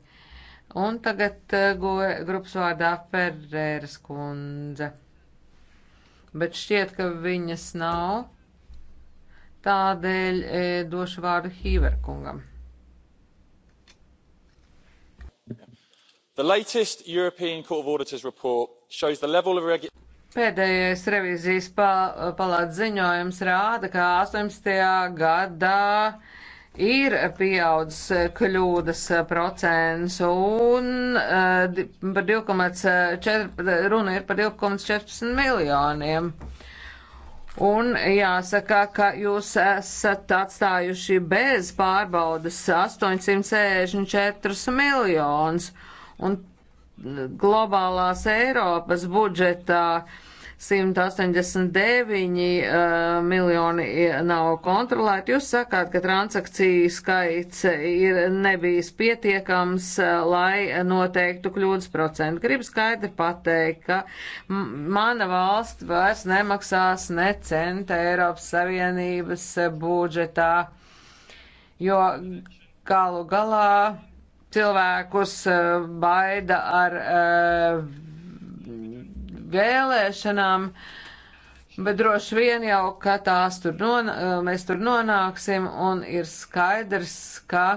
Un tagad uh, grupas vārdā Ferēras kundze. Bet šķiet, ka viņas nav. Tādēļ e, došu vārdu Hīverkungam. The latest European Court of Auditors report shows the level of regulation. Pēdējais revizijas palātas ziņojums rāda, ka 18. gadā ir pieaudzis kļūdas procents un eh, par 2,4, runa ir par 2,14 miljoniem. Un jāsaka, ka jūs esat atstājuši bez pārbaudas 864 miljonus. Un globālās Eiropas budžetā 189 uh, eh, miljoni nav kontrolēti. Jūs sakāt, ka transakciju skaits ir nebijis pietiekams, eh, lai noteiktu kļūdas procentu. Gribu skaidri pateikt, ka mana valsts vairs nemaksās ne centa Eiropas Savienības budžetā, jo galu galā cilvēkus eh, baida ar eh, vēlēšanām, bet droši vien jau, ka tās tur non, eh, mēs tur nonāksim un ir skaidrs, ka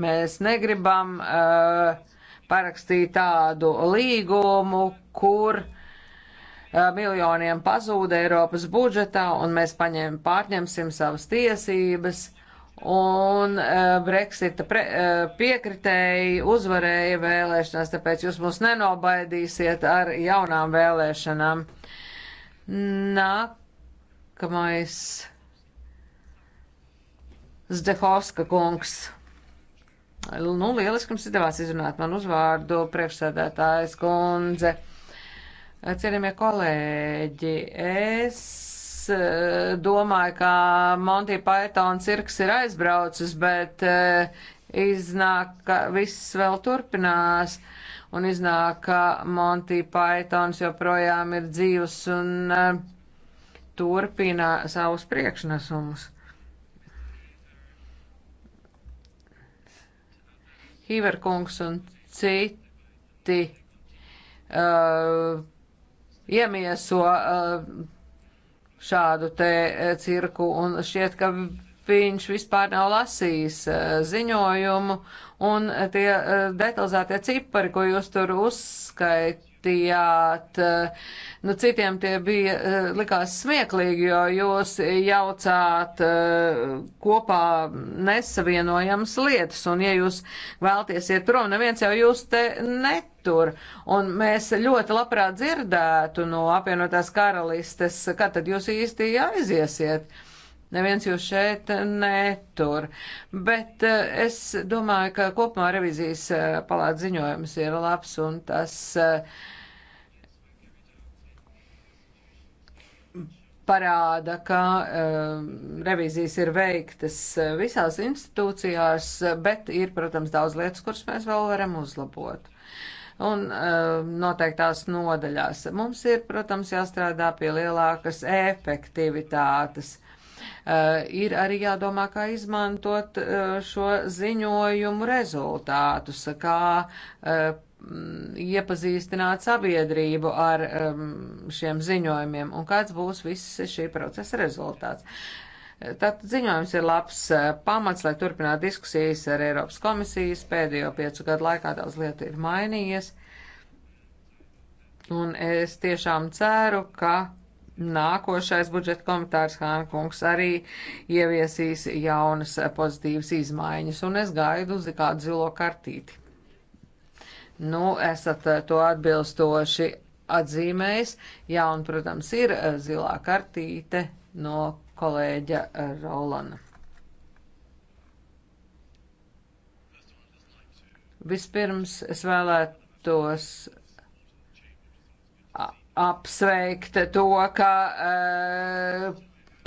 mēs negribam parakstīt tādu līgumu, kur miljoniem pazūda Eiropas budžetā un mēs paņem, pārņemsim savas tiesības un uh, Brexita pre, uh, piekritēji uzvarēja vēlēšanās, tāpēc jūs mūs nenobaidīsiet ar jaunām vēlēšanām. Nākamais Zdehovska kungs. Nu, lieliski jums izdevās izrunāt man uzvārdu priekšsēdētājas kundze. Cienījamie kolēģi, es Eh, domāju, ka Monty Python cirks ir aizbraucis, bet eh, iznāk, ka viss vēl turpinās. Un iznāk, ka Monty Pythons joprojām ir dzīvs un eh, turpina savus priekšnesumus. Hiverkungs un citi uh, iemieso uh, šādu te e, cirku, un šķiet, ka viņš vispār nav lasījis e, ziņojumu, un e, tie detalizētie cipari, ko jūs tur uzskait, stāstījāt, eh, nu citiem tie bija, eh, likās smieklīgi, jo jūs jaucāt eh, kopā nesavienojams lietas, un ja jūs vēlties iet prom, neviens jau jūs te netur, un mēs ļoti labprāt dzirdētu no apvienotās karalistes, kad tad jūs īsti aiziesiet neviens jūs šeit netur. Bet eh, es domāju, ka kopumā revizijas eh, palāta ziņojums ir labs un tas eh, parāda, ka revizijas ir veiktas visās institūcijās, bet ir, protams, daudz lietas, kuras mēs vēl varam uzlabot un uh, noteiktās nodaļās. Mums ir, protams, jāstrādā pie lielākas efektivitātes. Uh, Eh, ir arī jādomā, kā izmantot eh, šo ziņojumu rezultātus, kā eh, mm, iepazīstināt sabiedrību ar šiem ziņojumiem un kāds būs viss šī procesa rezultāts. Tātad ziņojums ir labs pamats, lai turpinātu diskusijas ar Eiropas komisijas. Pēdējo piecu gadu laikā daudz lietu ir mainījies. Un es tiešām ceru, ka Nākošais budžeta komitārs Hānkungs arī ieviesīs jaunas pozitīvas izmaiņas, un es gaidu uz kādu zilo kartīti. Nu, esat to atbilstoši atzīmējis. Jā, un, protams, ir zilā kartīte no kolēģa Rolana. Vispirms es vēlētos apsveikt to, ka uh,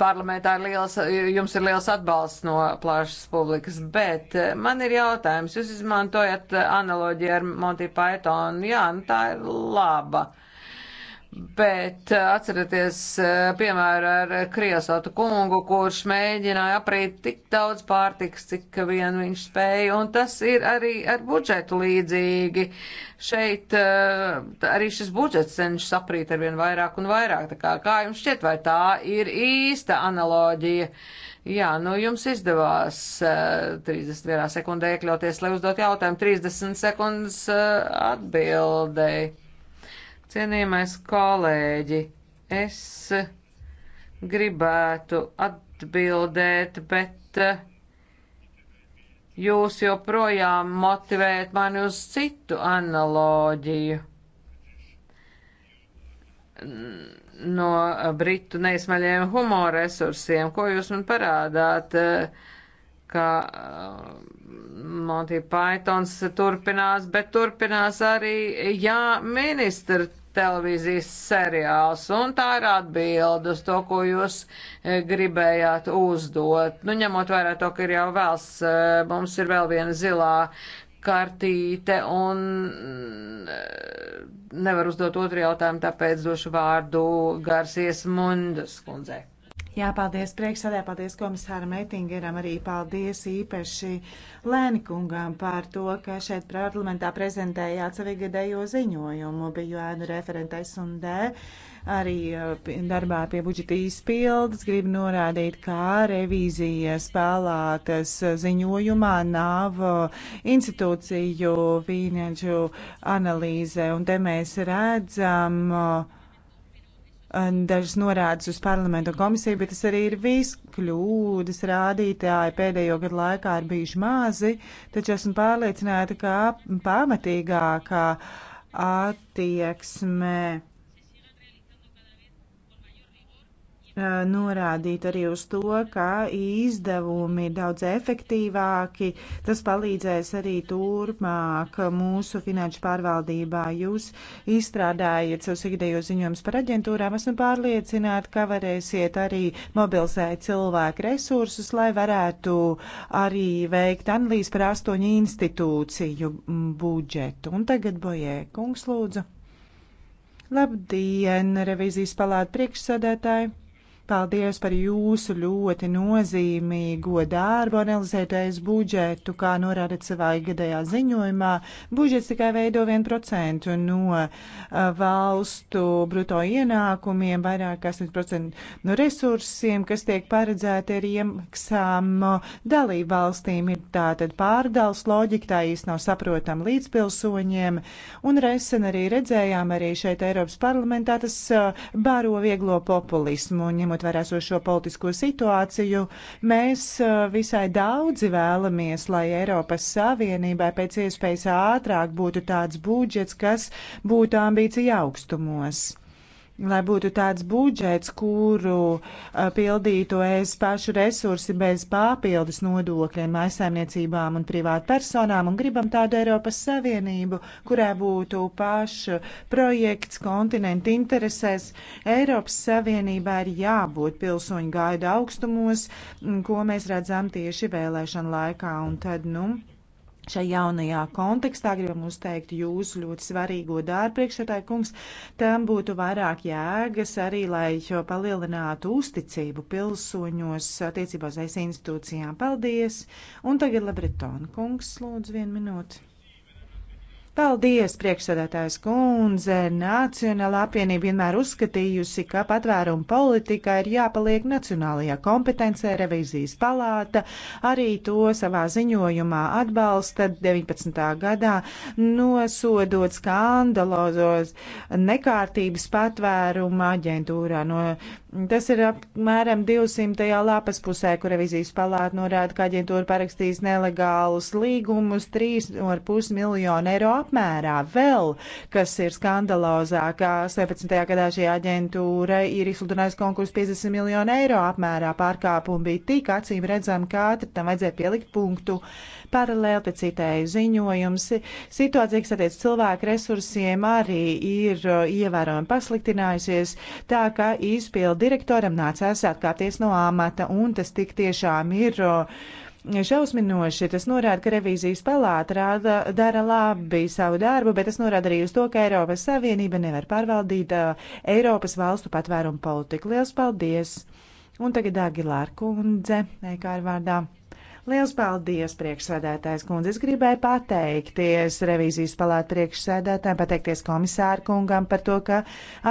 parlamentā ir liels, jums ir liels atbalsts no plašas publikas, bet eh, man ir jautājums, jūs izmantojat analoģiju ar Monty Python, jā, nu tā ir laba. Uh, Bet eh, atcerieties, eh, piemēram, ar Kriesotu kungu, kurš mēģināja aprīt tik daudz pārtiks, cik vien viņš spēja, un tas ir arī ar budžetu līdzīgi. Šeit eh, arī šis budžets cenšas aprīt ar vien vairāk un vairāk, tā kā, kā jums šķiet, vai tā ir īsta analoģija? Jā, nu jums izdevās uh, 31 sekundē iekļauties, lai uzdot jautājumu 30 sekundes uh, atbildēji. Cienījamais kolēģi, es gribētu atbildēt, bet eh, jūs joprojām motivējat mani uz citu analoģiju no britu neizmaļajiem humora resursiem. Ko jūs man parādāt? Uh, ka um, Monty Pythons turpinās, bet turpinās arī, jā, ministra televīzijas seriāls, un tā ir atbilde uz to, ko jūs eh, gribējāt uzdot. Nu, ņemot vērā to, ka ir jau vēls, eh, mums ir vēl viena zilā kartīte, un eh, nevar uzdot otru jautājumu, tāpēc došu vārdu Garsies Mundas kundzei. Jā, paldies priekšsēdē, paldies komisāram Eitingeram, arī paldies īpaši Lēnikungam par to, ka šeit parlamentā prezentējāt savigadējo ziņojumu, biju ēnu referentais un D arī uh, darbā pie budžeta izpildes grib norādīt, ka revīzijas palātas ziņojumā nav uh, institūciju finanšu analīze, un te mēs redzam, uh, dažas norādes uz parlamentu komisiju, bet tas arī ir viss kļūdas rādītāji pēdējo gadu laikā ir bijuši mazi, taču esmu pārliecināta, ka pamatīgākā attieksme norādīt arī uz to, ka izdevumi ir daudz efektīvāki. Tas palīdzēs arī turpmāk mūsu finanšu pārvaldībā. Jūs izstrādājat savus ikdējos ziņojumus par aģentūrām. Esmu pārliecināta, ka varēsiet arī mobilizēt cilvēku resursus, lai varētu arī veikt analīzes par astoņu institūciju budžetu. Un tagad Bojē kungs lūdzu. Labdien, revizijas palāta priekšsēdētāji! Paldies par jūsu ļoti nozīmīgo darbu analizētais budžetu, kā norādat savā gadējā ziņojumā. Budžets tikai veido 1% no uh, valstu bruto ienākumiem, vairāk kā 100% no resursiem, kas tiek paredzēti ar iemaksām dalību valstīm. Ir tātad pārdals loģika, tā īsti nav saprotam līdzpilsoņiem. Un resen arī redzējām arī šeit Eiropas parlamentā tas uh, baro vieglo populismu. Un, ņemot vērā šo politisko situāciju, mēs uh, visai daudzi vēlamies, lai Eiropas Savienībai pēc iespējas ātrāk būtu tāds budžets, kas būtu ambīcija augstumos lai būtu tāds budžets, kuru uh, pildītu es pašu resursi bez papildus nodokļiem, aizsaimniecībām un privātu personām, un gribam tādu Eiropas Savienību, kurā būtu pašu projekts kontinentu interesēs. Eiropas Savienībā ir jābūt pilsoņu gaida augstumos, ko mēs redzam tieši vēlēšana laikā, un tad, nu, Šai jaunajā kontekstā gribam uzteikt jūsu ļoti svarīgo darbu, priekšētāji kungs, tam būtu vairāk jēgas arī, lai palielinātu uzticību pilsoņos attiecībā uz es institūcijām. Paldies! Un tagad Lebretona kungs, lūdzu, vienu minūti. Paldies, priekšsēdētājs kundze! Nacionāla apvienība vienmēr uzskatījusi, ka patvērumu politikā ir jāpaliek nacionālajā kompetencē, revizijas palāta arī to savā ziņojumā atbalsta 19. gadā, nosodot skandalozos nekārtības patvērumu aģentūrā. No, tas ir apmēram 200. lapas pusē, kur revizijas palāta norāda, ka aģentūra parakstīs nelegālus līgumus 3,5 miljonu eiro apmērā vēl, kas ir skandalozāk, ka 17. gadā šī aģentūra ir izsludinājusi konkursu 50 miljonu eiro apmērā pārkāpumu bija tik acīm redzami, ka ātri tam vajadzēja pielikt punktu. Paralēli pēc citēju ziņojums situācija, kas attiec cilvēku resursiem, arī ir uh, ievērojami pasliktinājusies, tā ka izpildu direktoram nācās atkāpties no amata, un tas tik tiešām ir. Uh, šausminoši. Tas norāda, ka revīzijas palāta rāda, dara labi savu darbu, bet tas norāda arī uz to, ka Eiropas Savienība nevar pārvaldīt uh, Eiropas valstu patvērumu politiku. Lielas paldies! Un tagad Agilāra kundze, ekārvārdā. Liels paldies, priekšsēdētājs kundze. Es gribēju pateikties revīzijas palāta priekšsēdētājiem, pateikties komisāru kungam par to, ka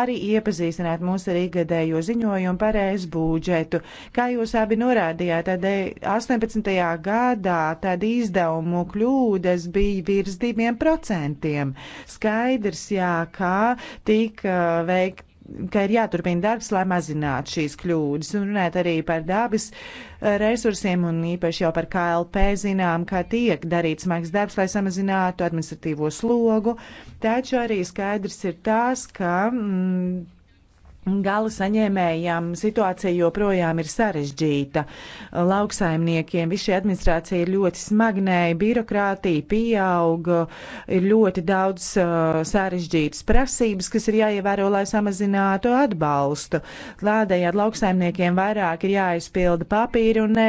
arī iepazīstināt mūs ar ikgadējo ziņojumu par ES budžetu. Kā jūs abi norādījāt, tad 18. Eh, gadā tad izdevumu kļūdas bija virs 2%. Skaidrs, jā, kā tika veikt ka ir jāturpina darbs, lai mazinātu šīs kļūdas. Un runāt arī par dabas eh, resursiem un īpaši jau par KLP zinām, ka tiek darīts smags darbs, lai samazinātu administratīvo slogu. Taču arī skaidrs ir tas, ka. Mm, Gala saņēmējām situācija joprojām ir sarežģīta. Lauksaimniekiem viss šī administrācija ir ļoti smagnēja, birokrātija pieaug, ir ļoti daudz uh, sarežģītas prasības, kas ir jāievēro, lai samazinātu atbalstu. Lādējāt lauksaimniekiem vairāk ir jāizpilda papīri un ne,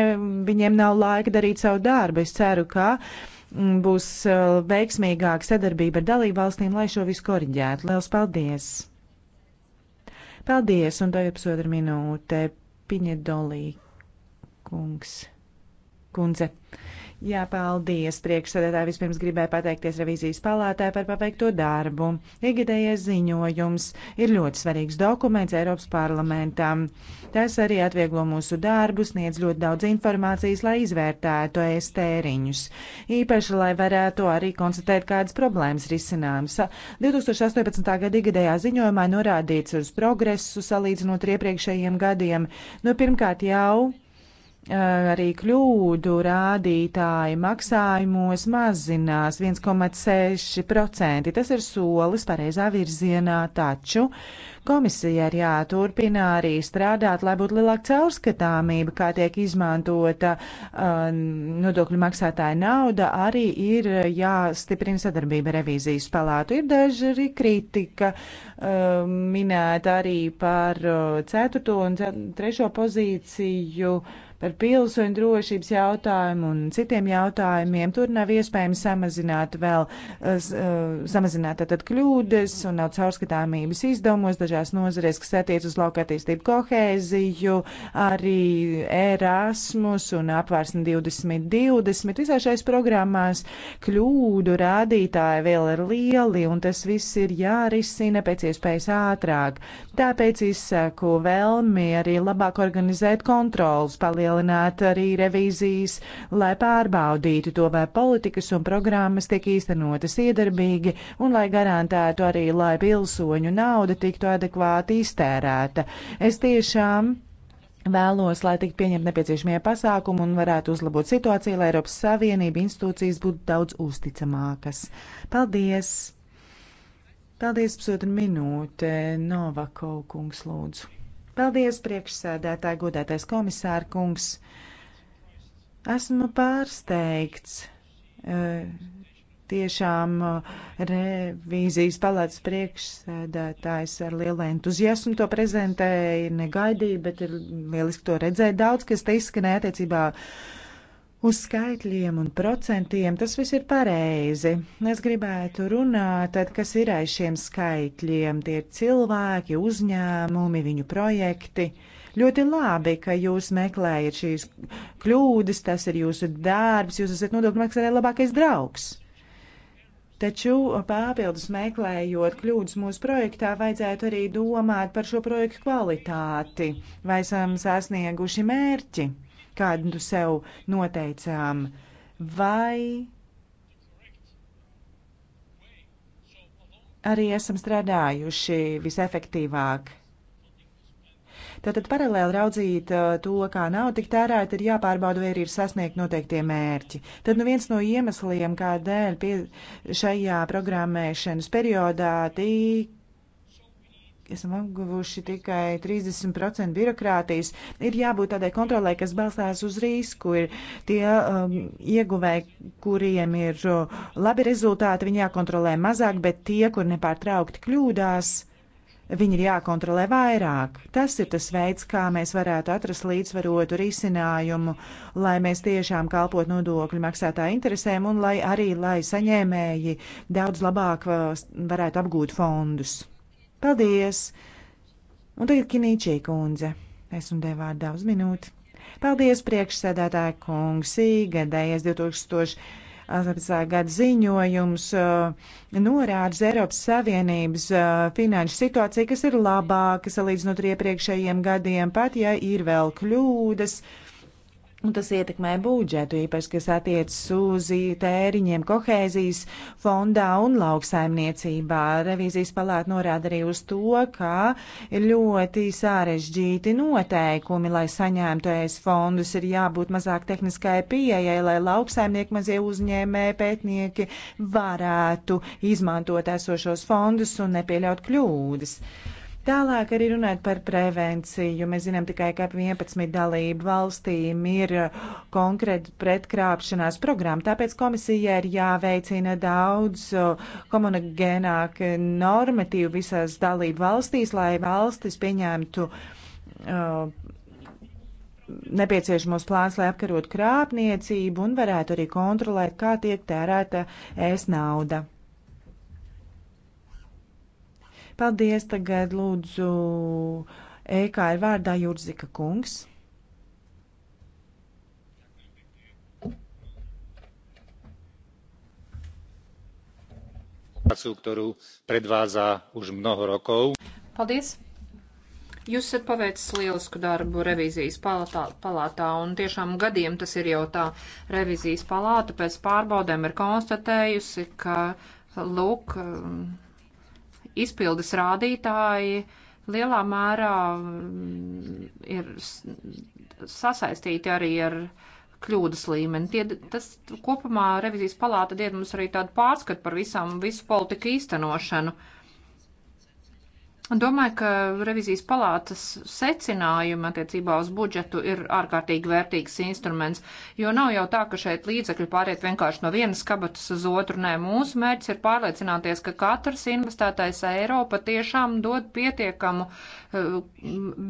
viņiem nav laika darīt savu darbu. Es ceru, ka mm, būs uh, veiksmīgāka sadarbība ar dalībvalstīm, lai šo visu koriģētu. Liels paldies! Paldies, un tagad pusotra minūte. Piņa Dolī, kungs, kundze. Uh, Jā, paldies priekšsēdētāji. Vispirms gribēju pateikties revizijas palātē par paveikto darbu. Ikgadējais ziņojums ir ļoti svarīgs dokuments Eiropas parlamentam. Tas arī atvieglo mūsu darbu, sniedz ļoti daudz informācijas, lai izvērtētu ēstēriņus. Īpaši, lai varētu arī konstatēt kādas problēmas risinājums. 2018. gada ikgadējā ziņojumā norādīts uz progresu salīdzinot ar iepriekšējiem gadiem. Nu, pirmkārt jau arī kļūdu rādītāji maksājumos mazinās 1,6%. Tas ir solis pareizā virzienā, taču komisija ir jāturpina arī strādāt, lai būtu lielāka caurskatāmība, kā tiek izmantota uh, nodokļu maksātāja nauda, arī ir jāstiprina sadarbība revīzijas palātu. Ir daži arī kritika uh, minēta arī par ceturto un trešo pozīciju par pilsoņu drošības jautājumu un citiem jautājumiem. Tur nav iespējams samazināt vēl, eh, samazināt tātad kļūdas un nav caurskatāmības izdevumos dažās nozarēs, kas attiec uz lauka attīstību kohēziju, arī Erasmus un apvērsni 2020. Visā šais programmās kļūdu rādītāji vēl ir lieli un tas viss ir jārisina pēc iespējas ātrāk. Tāpēc izsaku vēlmi arī labāk organizēt kontrolas, palielināt palielināt arī revīzijas, lai pārbaudītu to, vai politikas un programmas tiek īstenotas iedarbīgi un lai garantētu arī, lai pilsoņu nauda tiktu adekvāti iztērēta. Es tiešām Vēlos, lai tiktu pieņemti nepieciešamie pasākumi un varētu uzlabot situāciju, lai Eiropas Savienība institūcijas būtu daudz uzticamākas. Paldies! Paldies, pusotra minūte. Novakov kungs, lūdzu. Paldies, priekšsēdētāji, godētais komisāra kungs. Esmu pārsteigts. E, tiešām e, revīzijas palātas priekšsēdētājs ar lielu entuziasmu to prezentēja, negaidīja, bet ir lieliski to redzēt. Daudz, kas te izskanēja attiecībā uz skaitļiem un procentiem, tas viss ir pareizi. Es gribētu runāt, tad, kas ir aiz šiem skaitļiem. Tie ir cilvēki, uzņēmumi, viņu projekti. Ļoti labi, ka jūs meklējat šīs kļūdas, tas ir jūsu darbs, jūs esat nodokļu maksātāja labākais draugs. Taču papildus meklējot kļūdas mūsu projektā, vajadzētu arī domāt par šo projektu kvalitāti, vai esam sasnieguši mērķi kādu nu sev noteicām, vai arī esam strādājuši visefektīvāk. Tātad paralēli raudzīt uh, to, kā nav tik tērēt, ir jāpārbauda, vai ir sasniegt noteiktie mērķi. Tad nu viens no iemesliem, kādēļ šajā programmēšanas periodā tik esam apguvuši tikai 30% birokrātijas. Ir jābūt tādai kontrolē, kas balstās uz risku. Ir tie um, ieguvēji, kuriem ir uh, labi rezultāti, viņi jākontrolē mazāk, bet tie, kur nepārtraukti kļūdās, viņi ir jākontrolē vairāk. Tas ir tas veids, kā mēs varētu atrast līdzvarotu risinājumu, lai mēs tiešām kalpot nodokļu maksātāju interesēm un lai arī, lai saņēmēji daudz labāk uh, varētu apgūt fondus. Paldies! Un tagad Kinīčī kundze. Es un tev vārdā uz minūti. Paldies, priekšsēdētāja kungs, gadējies 2000. 18. gada ziņojums uh, norāda Eiropas Savienības uh, finanšu situāciju, kas ir labāka salīdzinot ar iepriekšējiem gadiem, pat ja ir vēl kļūdas. Uh, Un tas ietekmē budžetu, īpaši, kas attiecas uz tēriņiem kohēzijas fondā un lauksaimniecībā. Revīzijas palāta norāda arī uz to, ka ir ļoti sarežģīti noteikumi, lai saņemtu ES fondus, ir jābūt mazāk tehniskai pieejai, lai lauksaimnieki mazie uzņēmē pētnieki varētu izmantot esošos fondus un nepieļaut kļūdas. Uh, Tālāk arī runājot par prevenciju. Mēs zinām tikai, ka 11 dalību valstīm ir uh, konkrēta pretkrāpšanās programma, tāpēc komisija ir jāveicina daudz uh, komunigēnāk normatīvu visās dalību valstīs, lai valstis pieņemtu uh, nepieciešamos plāns, lai apkarotu krāpniecību un varētu arī kontrolēt, kā tiek tērēta ēst nauda. Paldies, tagad lūdzu EKR vārdā Jurzika kungs. prácu, ktorú predvádza už mnoho rokov. Paldies! Jūs esat paveicis lielisku darbu revīzijas palatā, palātā, un tiešām gadiem tas ir jau tā. Revīzijas palāta pēc pārbaudēm ir konstatējusi, ka, lūk, izpildes rādītāji lielā mērā mm, ir sasaistīti arī ar kļūdas līmeni. Tie, tas kopumā revizijas palāta died mums arī tādu pārskatu par visām, visu politiku īstenošanu. Uh, Domāju, ka revizijas palātas secinājumi attiecībā uz budžetu ir ārkārtīgi vērtīgs instruments, jo nav jau tā, ka šeit līdzekļi pāriet vienkārši no vienas kabatas uz otru. Nē, mūsu mērķis ir pārliecināties, ka katrs investētais eiro patiešām dod pietiekamu uh,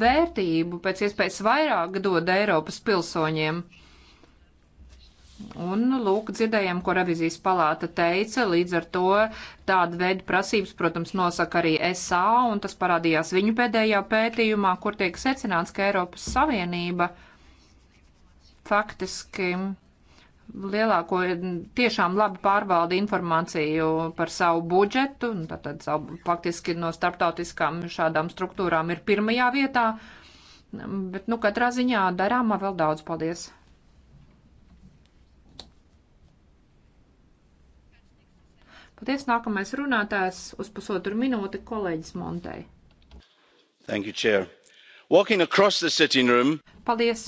vērtību, pēc iespējas vairāk dod Eiropas pilsoņiem. Un, lūk, dzirdējām, ko revizijas palāta teica, līdz ar to tāda veida prasības, protams, nosaka arī SA, un tas parādījās viņu pēdējā pētījumā, kur tiek secināts, ka Eiropas Savienība faktiski lielāko tiešām labi pārvalda informāciju par savu budžetu, tātad savu, faktiski no starptautiskām šādām struktūrām ir pirmajā vietā, bet, nu, katrā ziņā darāmā vēl daudz. Paldies! Paties nākamais runātājs uz pusotru minūti kolēģis Montei. Thank you, Chair. Walking across the sitting room. Paldies.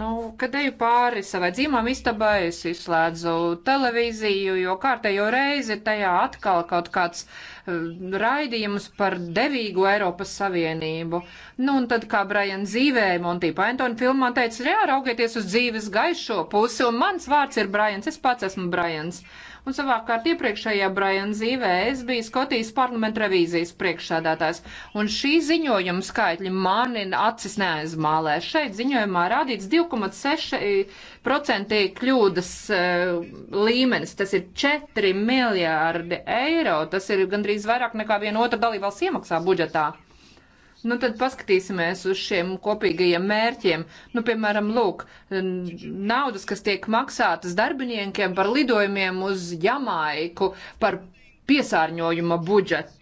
Nu, kad eju pāri savai dzīvām istabai, es izslēdzu televīziju, jo kārtējo reizi tajā atkal kaut kāds um, raidījums par devīgu Eiropas Savienību. Nu, un tad, kā Brian dzīvēja Monty Python filmā, teica, jā, raugieties uz dzīves gaišo pusi, un mans vārds ir Brians, es pats esmu Brians. Uh, un savākārt iepriekšējā Brian Zīvē es biju Skotijas parlamenta revīzijas priekšsādātājs. Un šī ziņojuma skaitļi mani acis neaizmālē. Šeit ziņojumā rādīts 2,6% kļūdas uh, līmenis. Tas ir 4 miljārdi eiro. Tas ir gandrīz vairāk nekā viena otra dalībvalsts iemaksā budžetā. Nu, tad paskatīsimies uz šiem kopīgajiem mērķiem. Nu, piemēram, lūk, naudas, kas tiek maksātas darbiniekiem par lidojumiem uz Jamaiku, par piesārņojuma budžetu.